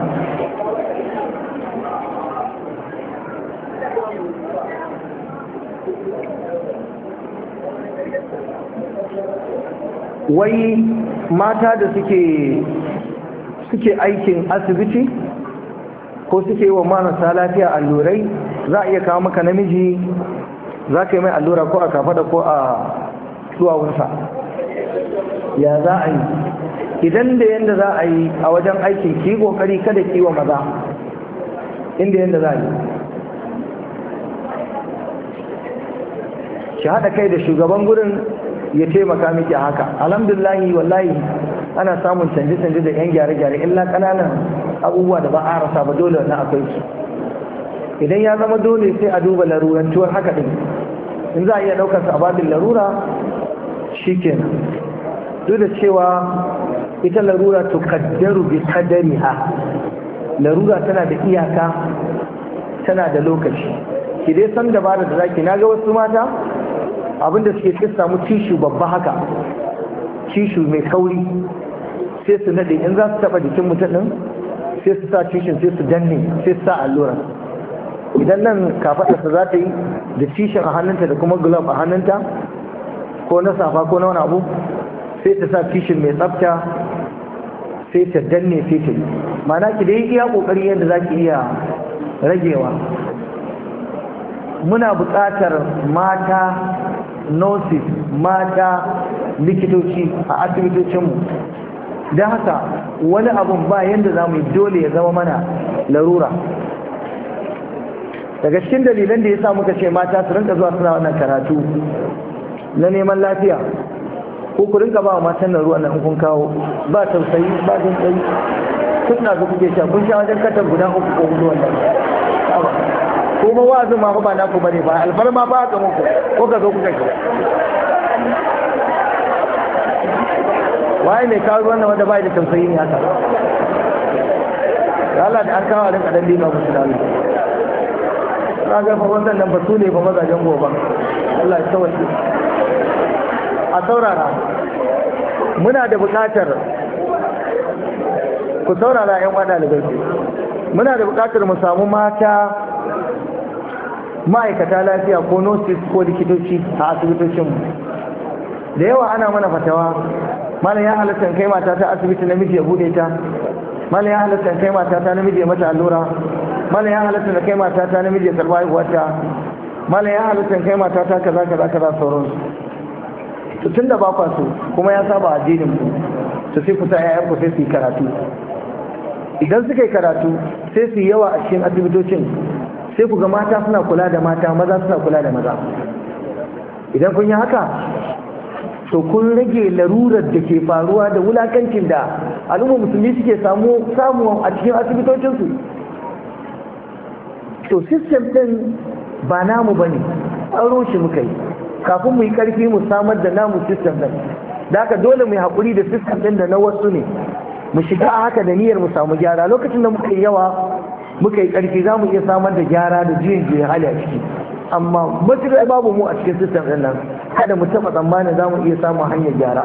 wai mata da suke suke aikin asibiti ko suke wa marasa lafiya allurai za a iya kawo maka namiji za ka yi mai allura ko a kafada ko a duwawunsa ya za a yi idan da yadda za a yi a wajen aikin ki kokari kada ki wa maza inda yadda za a yi ki haɗa kai da shugaban gurin ya taimaka miki a haka alhamdulillahi wallahi ana samun canje-canje da yan gyare-gyare illa kananan abubuwa da ba a rasa ba dole na akwai su idan ya zama dole sai a duba larurantuwar haka din. in za a iya ɗaukar su a babin larura shi duk da cewa ita larura to kaddaru bi kadariha larura tana da iyaka tana da lokaci ki dai san dabara da zaki ga wasu mata abinda suke sai samu tishu babba haka tishu mai kauri sai su nade in za su taba jikin mutum din sai su sa tishin sai su danne sai su sa allura idan nan kafaɗarsa za ta yi da tishin a hannunta da kuma glove a hannunta ko na safa ko na wani abu sai ta sa tishin mai tsafta sai ta danne sai ta yi mana ki dai iya kokari yadda za ki iya ragewa muna buƙatar mata nurses mata likitoci a asibitocinmu don haka wani abun ba yadda za mu dole ya zama mana larura daga cikin dalilan da ya sa muka ce mata su rinka zuwa suna wannan karatu na neman lafiya ko ku rinka ba wa matan na ruwan nan kun kawo ba tausayi ba jin tsayi kuna zuwa kuke sha kun sha wajen katar guda uku ko hudu wannan kuma wa'azin ma ba na ku bane ba alfarma ba ka muku ko ka zo kuka shiga waye mai kawo wannan wanda bai da tausayi ne haka Allah da an kawo rinka dan lima musu da Allah ga fa wannan nan ba su ne ba mazajen goban Allah ya tawaye a saurara muna da bukatar ku saurara yan wada da gaske muna da bukatar mu samu mata ma'aikata lafiya ko nosis ko likitoci a asibitocin da yawa ana mana fatawa malam ya halittar kai mata ta asibiti namiji ya bude ta malam ya halittar kai mata ta namiji ya mata allura malam ya halatta kai mata ta namiji ya karba haihuwarta malam ya halittar kai mata ta kaza kaza kaza sauransu su. tunda ba su kuma ya saba addinin mu to sai kusa ya ku sai su yi karatu idan suka yi karatu sai su yi yawa a cikin asibitocin sai ku ga mata suna kula da mata maza suna kula da maza idan kun yi haka to kun rage larurar da ke faruwa da wulakancin da al'umma musulmi suke samu samu a cikin asibitocinsu to system din ba namu ba ne an rushe muka yi kafin mu yi karfi mu samar da namu system din da haka dole mu yi haƙuri da system din da na wasu ne mu shiga haka da niyyar mu samu gyara lokacin da muka yi yawa muka yi ƙarfi za mu iya samar da gyara da juyin juya hali a ciki amma matuƙar babu mu a cikin sistem ɗin nan kada mu taɓa tsammanin za mu iya samun hanyar gyara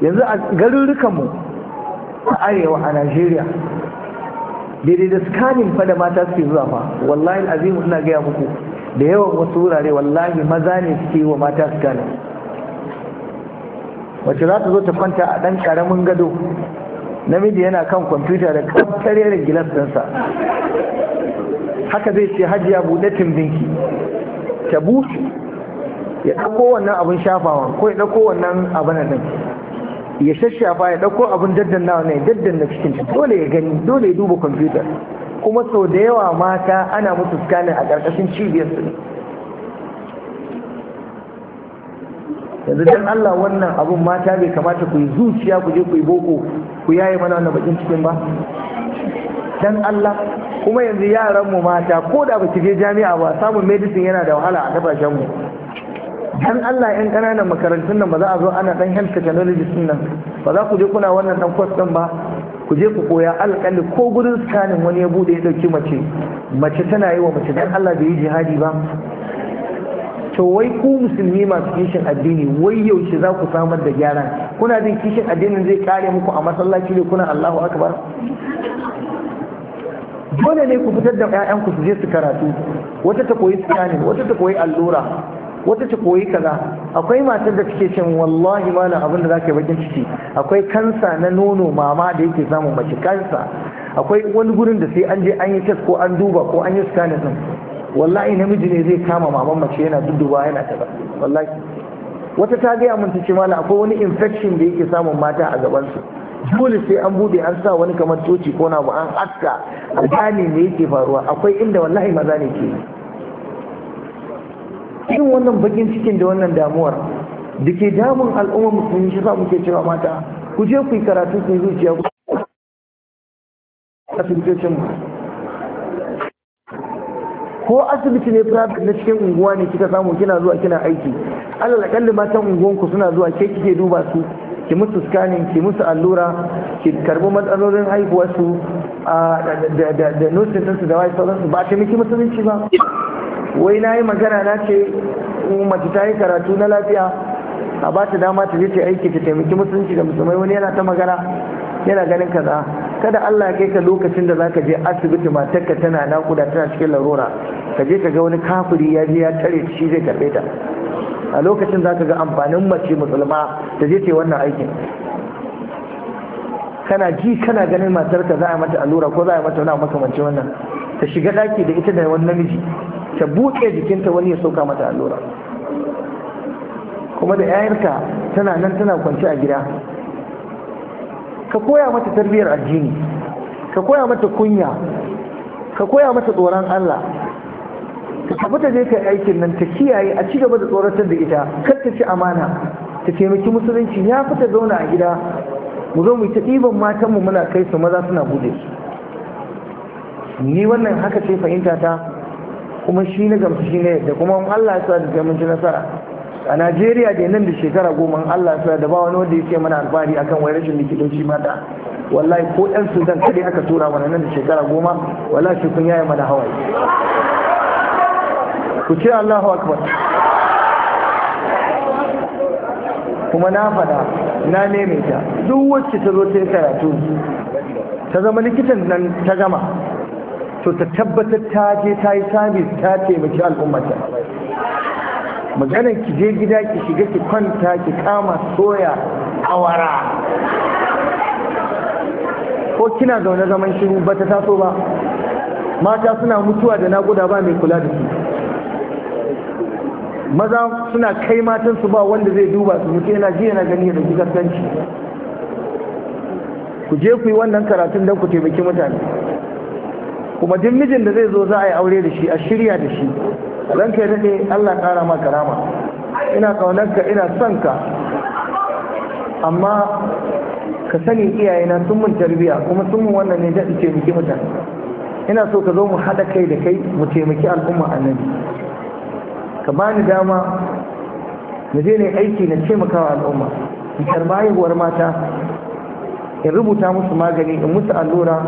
yanzu a garurukanmu a arewa a najeriya daidai da skanin fa da mata suke zuwa fa wallahi azimu ina gaya muku da yawan wasu wurare wallahi maza ne suke wa mata skanin wacce za ta zo ta kwanta a ɗan ƙaramin gado namiji yana kan kwamfuta da kaftare da gilas ɗinsa haka zai ce Hajji hajiya buɗe timbinki ta buɗe ya ɗauko wannan abin shafawa ko ya ɗauko wannan abin nan ya shashafa ya ɗauko abin daddannawa ne na cikin dole ya gani dole ya duba kwamfuta kuma sau da yawa mata ana musu scanning a ƙarƙashin cibiyar su ne yanzu dan Allah wannan abun mata bai kamata ku yi zuciya ku je ku yi boko ku yaye mana wannan bakin cikin ba dan Allah kuma yanzu yaran mu mata ko da ba je jami'a ba samun medicine yana da wahala a kasashen mu dan Allah yan kananan makarantun nan ba za a zo ana dan health technology din nan ba za ku je kuna wannan dan course din ba ku je ku koya alƙalli ko gurin scanning wani ya bude ya dauki mace mace tana yi wa mace dan Allah bai yi jihadi ba to wai ku musulmi masu kishin addini wai yaushe za ku samar da gyara kuna jin kishin addinin zai kare muku a masallaci ne kuna Allahu akbar dole ne ku fitar da ƴaƴanku su je su karatu wata ta koyi scanning wata ta koyi allura wata ta koyi kaza akwai matar da take cin wallahi malam abin da zaka bakin ciki akwai kansa na nono mama da yake zamu mace kansa akwai wani gurin da sai an je an yi test ko an duba ko an yi scanning wallahi namiji ne zai kama maman mace yana dudduba yana taba wallahi wata ta gaya mun tace mala akwai wani infection da yake samun mata a gaban su dole sai an bude an sa wani kamar toci ko na an aska a gane me yake faruwa akwai inda wallahi maza ne ke Yin wannan bakin cikin da wannan damuwar da ke damun al'ummar musulmi shi sa muke cewa mata ku je ku yi karatu ku yi zuciya ku asibitocin mu ko asibiti ne private na cikin unguwa ne kika samu kina zuwa kina aiki alal akalli matan unguwanku suna zuwa ke kike duba su ki musu scanning ki musu allura ki karbi matsalolin haihuwar su da nursing su da wai sauransu ba ta miki musulunci ba wai na yi magana na ce mace ta yi karatu na lafiya a ba ta dama ta je ta aiki ta taimaki musulunci da musulmai wani yana ta magana yana ganin kaza kada Allah ya kai ka lokacin da zaka je asibiti matarka tana nakuda tana cikin larura ka je ka ga wani kafiri ya je ya tare shi zai karbe ta a lokacin zaka ga amfanin mace musulma ta je ta wannan aikin kana ji kana ganin matarka za a mata allura ko za a mata wani makamanci wannan ta shiga daki da ita da wani namiji ta buɗe jikinta wani ya sauka mata allura kuma da 'ya'yarka tana nan tana kwance a gida ka koya mata tarbiyyar addini ka koya mata kunya ka koya mata tsoron Allah ka tafi ta je ka yi aikin nan ta kiyaye a ci gaba da tsoratar da ita kar ta ci amana ta taimaki musulunci ya fi ta zauna a gida mu zo mu ta ɗiban matanmu muna kai su maza suna buɗe ni wannan haka ce fahimta ta kuma shi na gamsu shi ne da kuma Allah ya sa da mun ci nasara a najeriya da nan da shekara goma allah sa da ba wani wanda ya ce mana alfahari akan wai rashin likitoci mata wallahi ko yan sudan kadai aka tura mana nan da shekara goma wallahi shi kun yaya mana hawaye ku ce allahu akbar kuma na fada na neme ta duk wacce ta zo ta yi karatu ta zama likitan nan ta gama to ta tabbatar ta je ta yi sabis ta taimaki al'ummata maganar ki je gida ki shiga ki kwanta ki kama soya awara ko kina zaune zaman shiru ba ta taso ba mata suna mutuwa da naguda ba mai kula da su maza suna kai matansu ba wanda zai duba su mutu yana ji yana gani da gigarganci ku je ku yi wannan karatun don ku taimaki mutane kuma duk mijin da zai zo za a yi aure da shi a shirya da shi ranka kai daɗe Allah kara ma rama ina ƙaunarka ina son ka amma ka sani iyayena sun mun tarbiya kuma sun mun wannan ne daɗi miki mutan ina so ka zo mu haɗa kai da kai mu taimaki al'umma annabi ka bani dama na je ne aiki na taimakawa al'umma in karɓa haihuwar mata in rubuta musu magani in musu allura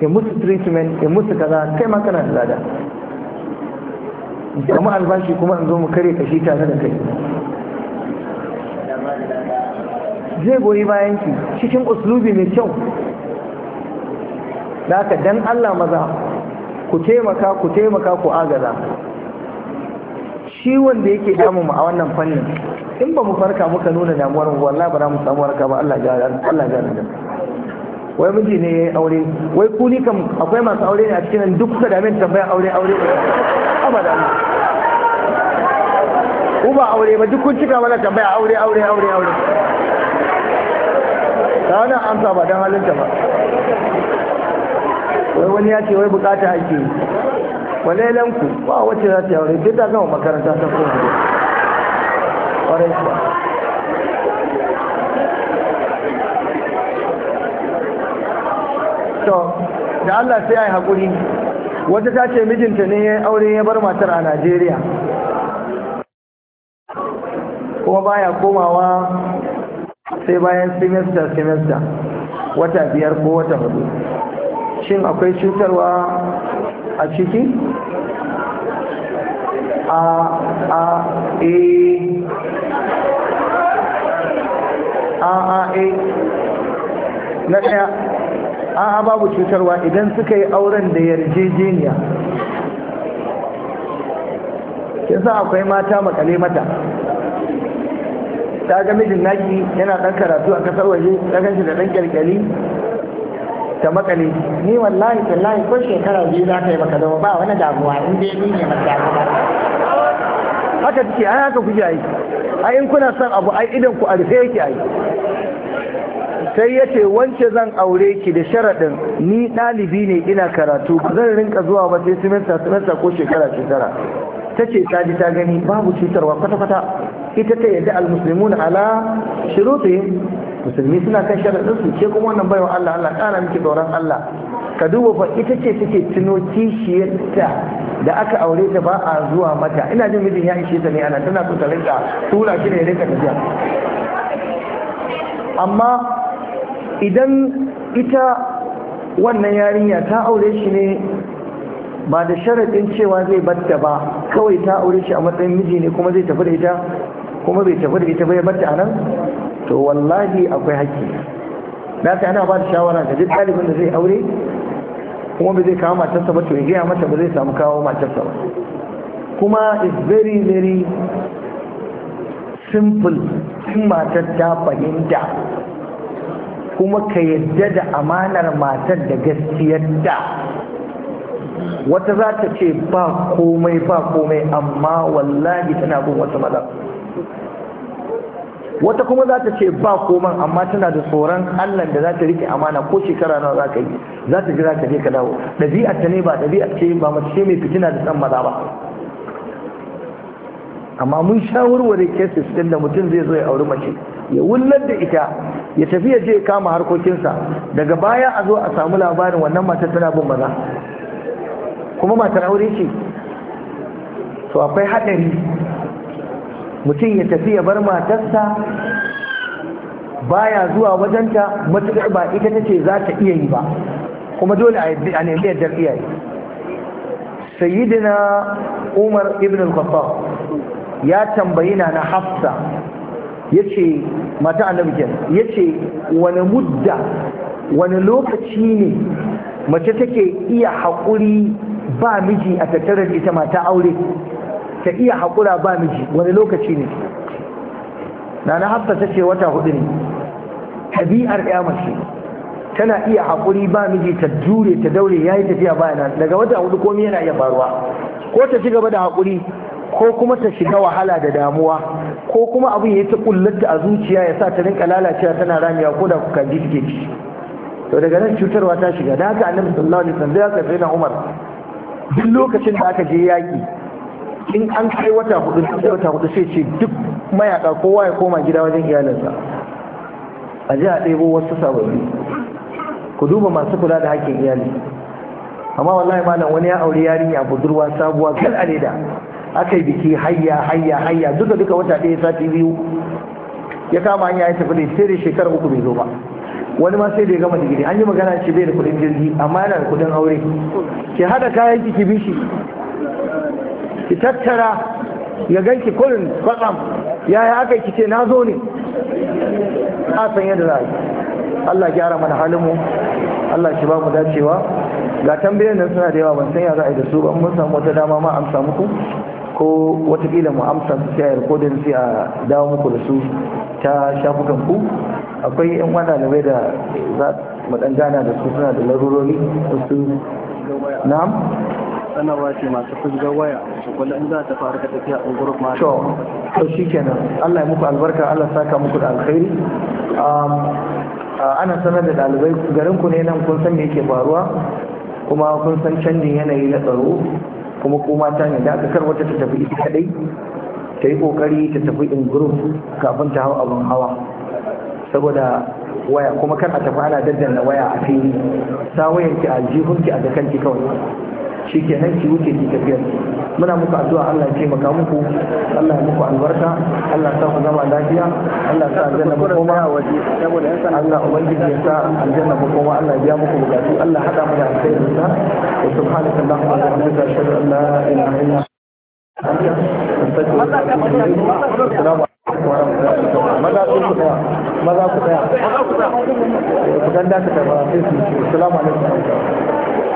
in musu treatment in musu kaza kai ma kana da lada samu albashi kuma an zo mu kare kashi tare da kai zai goyi bayan ki cikin uslubi mai kyau da haka dan Allah maza ku taimaka ku taimaka ku agaza shi wanda yake damu mu a wannan fannin in ba mu farka muka nuna damuwar wallahi ba za mu samu warka ba Allah ya Allah ya wai miji ne ya yi aure wai kuni kam akwai masu aure ne a cikin nan duk da damin tambaya aure aure abada ku ba aure ba duk kun cika mana tambaya aure aure aure aure ta wani amsa ba don halin ba wai wani ya ce wai bukata ake yi kwalelanku ba wacce za ta yi aure duk da gama makaranta ta kuma ba. to da Allah sai ai hakuri wata ta ce mijinta ne ya aure ya bar matar a Najeriya kuma baya komawa sai bayan semester semester wata biyar ko wata hudu shin akwai cutarwa a ciki a a e. a a a e. a na ɗaya a'a babu cutarwa idan suka yi auren da yarjejeniya sa akwai mata makale mata ta ga mijin naki yana dan karatu a kasar waje ta ganshi da dan kyalkyali ta makale ni wallahi wallahi ko shekara biyu za ka yi maka dawo. ba wani damuwa in dai ni ne maka damuwa haka take ai haka kuke ai ai in kuna son abu ai idan ku a rufe yake ai sai ya ce wance zan aure ki da sharaɗin ni ɗalibi ne ina karatu ba zan rinka zuwa ba sai simenta simenta ko shekara shekara ta ce ta ji ta gani babu cutarwa kwata-kwata ita ta yadda almuslimun ala shirutihim musulmi suna kan sharaɗin su ke kuma wannan baiwa Allah Allah ƙara miki tsoron Allah ka duba fa ita ce take tuno kishiyarta da aka aure ta ba a zuwa mata ina jin mijin ya ishe ta ne ana tana so ta rinka tura shi ne ya rinka tafiya amma idan ita wannan yarinya ta aure shi ne ba da sharaɗin cewa zai batta ba kawai ta aure shi a matsayin miji ne kuma zai tafi da ita kuma bai tafi da ita bai batta a nan to wallahi akwai haƙƙi na ta ana ba da shawara ga duk ɗalibin da zai aure kuma ba zai kawo matarsa ba to ya gaya mata ba zai samu kawo matarsa ba kuma is very very simple in matar ta fahimta kuma ka yadda da amanar matar da gaskiyar da wata za ta ce ba komai ba komai amma wallahi tana bin wata maza wata kuma za ta ce ba koman amma tana da tsoron allah da za ta rike amana ko shekara nawa za ka yi za ta jira ka je ka dawo ɗabi'ar ta ne ba ɗabi'ar ce ba mace mai fitina da san maza ba amma mun shawarware cases ɗin da mutum zai zo ya auri mace ya wullar da ita ya tafi ya kama harkokinsa daga baya a zo a samu labarin wannan matar tana bin maza kuma matar aure ce to akwai haɗari mutum ya tafi ya bar matarsa baya zuwa wajenta matuƙar ba ita ta ce za ta iya yi ba kuma dole a nemi iya iyaye sayyidina umar ibn al-khattab ya tambayi na na hafsa yace mata annabi ya yace wani mudda wani lokaci ne mace take iya haƙuri ba miji a tattarar ita mata aure ta iya haƙura ba miji wani lokaci ne nana hafsa ta ce wata hudu ne ɗabi'ar ya mace tana iya haƙuri ba miji ta jure ta daure yayi yi tafiya bayana daga wata hudu komai yana iya faruwa ko ta ci gaba da haƙuri ko kuma ta shiga wahala da damuwa ko kuma abin ya ta kullata a zuciya ya sa ta rinka lalacewa tana ramiya ko da ku ji suke shi. to daga nan cutarwa ta shiga da haka annabi sallallahu alaihi wasallam ya karbi na Umar duk lokacin da aka je yaki in an kai wata hudu sai wata hudu sai ce duk mayaka kowa ya koma gida wajen iyalinsa a ji a ɗebo wasu sababbi ku duba masu kula da hakkin iyali amma wallahi malam wani ya aure yarinya budurwa sabuwa gal a aka yi biki hayya hayya hayya duka duka wata ɗaya sati biyu ya kama hanya ya tafi da sai da shekara uku bai zo ba wani ma sai da ya gama digiri an yi magana shi bai da kuɗin jirgi amma yana da kuɗin aure ki hada kayan ki ki bishi ki tattara ya ganki kullun kwatsam yaya aka yi kice na zo ne a san yadda za a yi Allah gyara mana halin mu Allah shi ba mu dacewa ga tambayar nan suna da yawa ban san ya za a yi da su ba mun samu wata dama ma amsa muku ko watakila mu amsa su shayar ko rikodin sai a dawo muku da su ta shafukan ku akwai yan wani dalibai da za mu dan gana da su suna da larurori wasu na'am sanarwa ce masu fusgar waya wanda in za ta faru ka tafiya a gurup ma to to shikenan Allah ya muku albarka Allah saka muku da alkhairi ana sanar da dalibai garin ku ne nan kun san me yake faruwa kuma kun san canjin yanayi na tsaro kuma kuma ta ne da aka kar wata ta tafi ita kadai ta yi kokari ta tafi in group kafin ta hau abin hawa saboda waya kuma kar a tafi ana daddana waya a fili sa wayanki a jihunki a dakanki kawai shi ke nan ki wuce ki tafiya muna muku addu'a Allah ya taimaka muku Allah ya muku albarka Allah sa ku zama lafiya Allah sa aljanna ku koma waje saboda yasa Allah ubangiji ya sa aljanna ku koma Allah ya biya muku bukatu Allah hada mu da alkhairin sa wa subhanaka wa bihamdika ashhadu an la ilaha illa anta astaghfiruka wa atubu ilayk assalamu maza ku daya maza ku daya ku ganda ka tabbata sai su salamu alaikum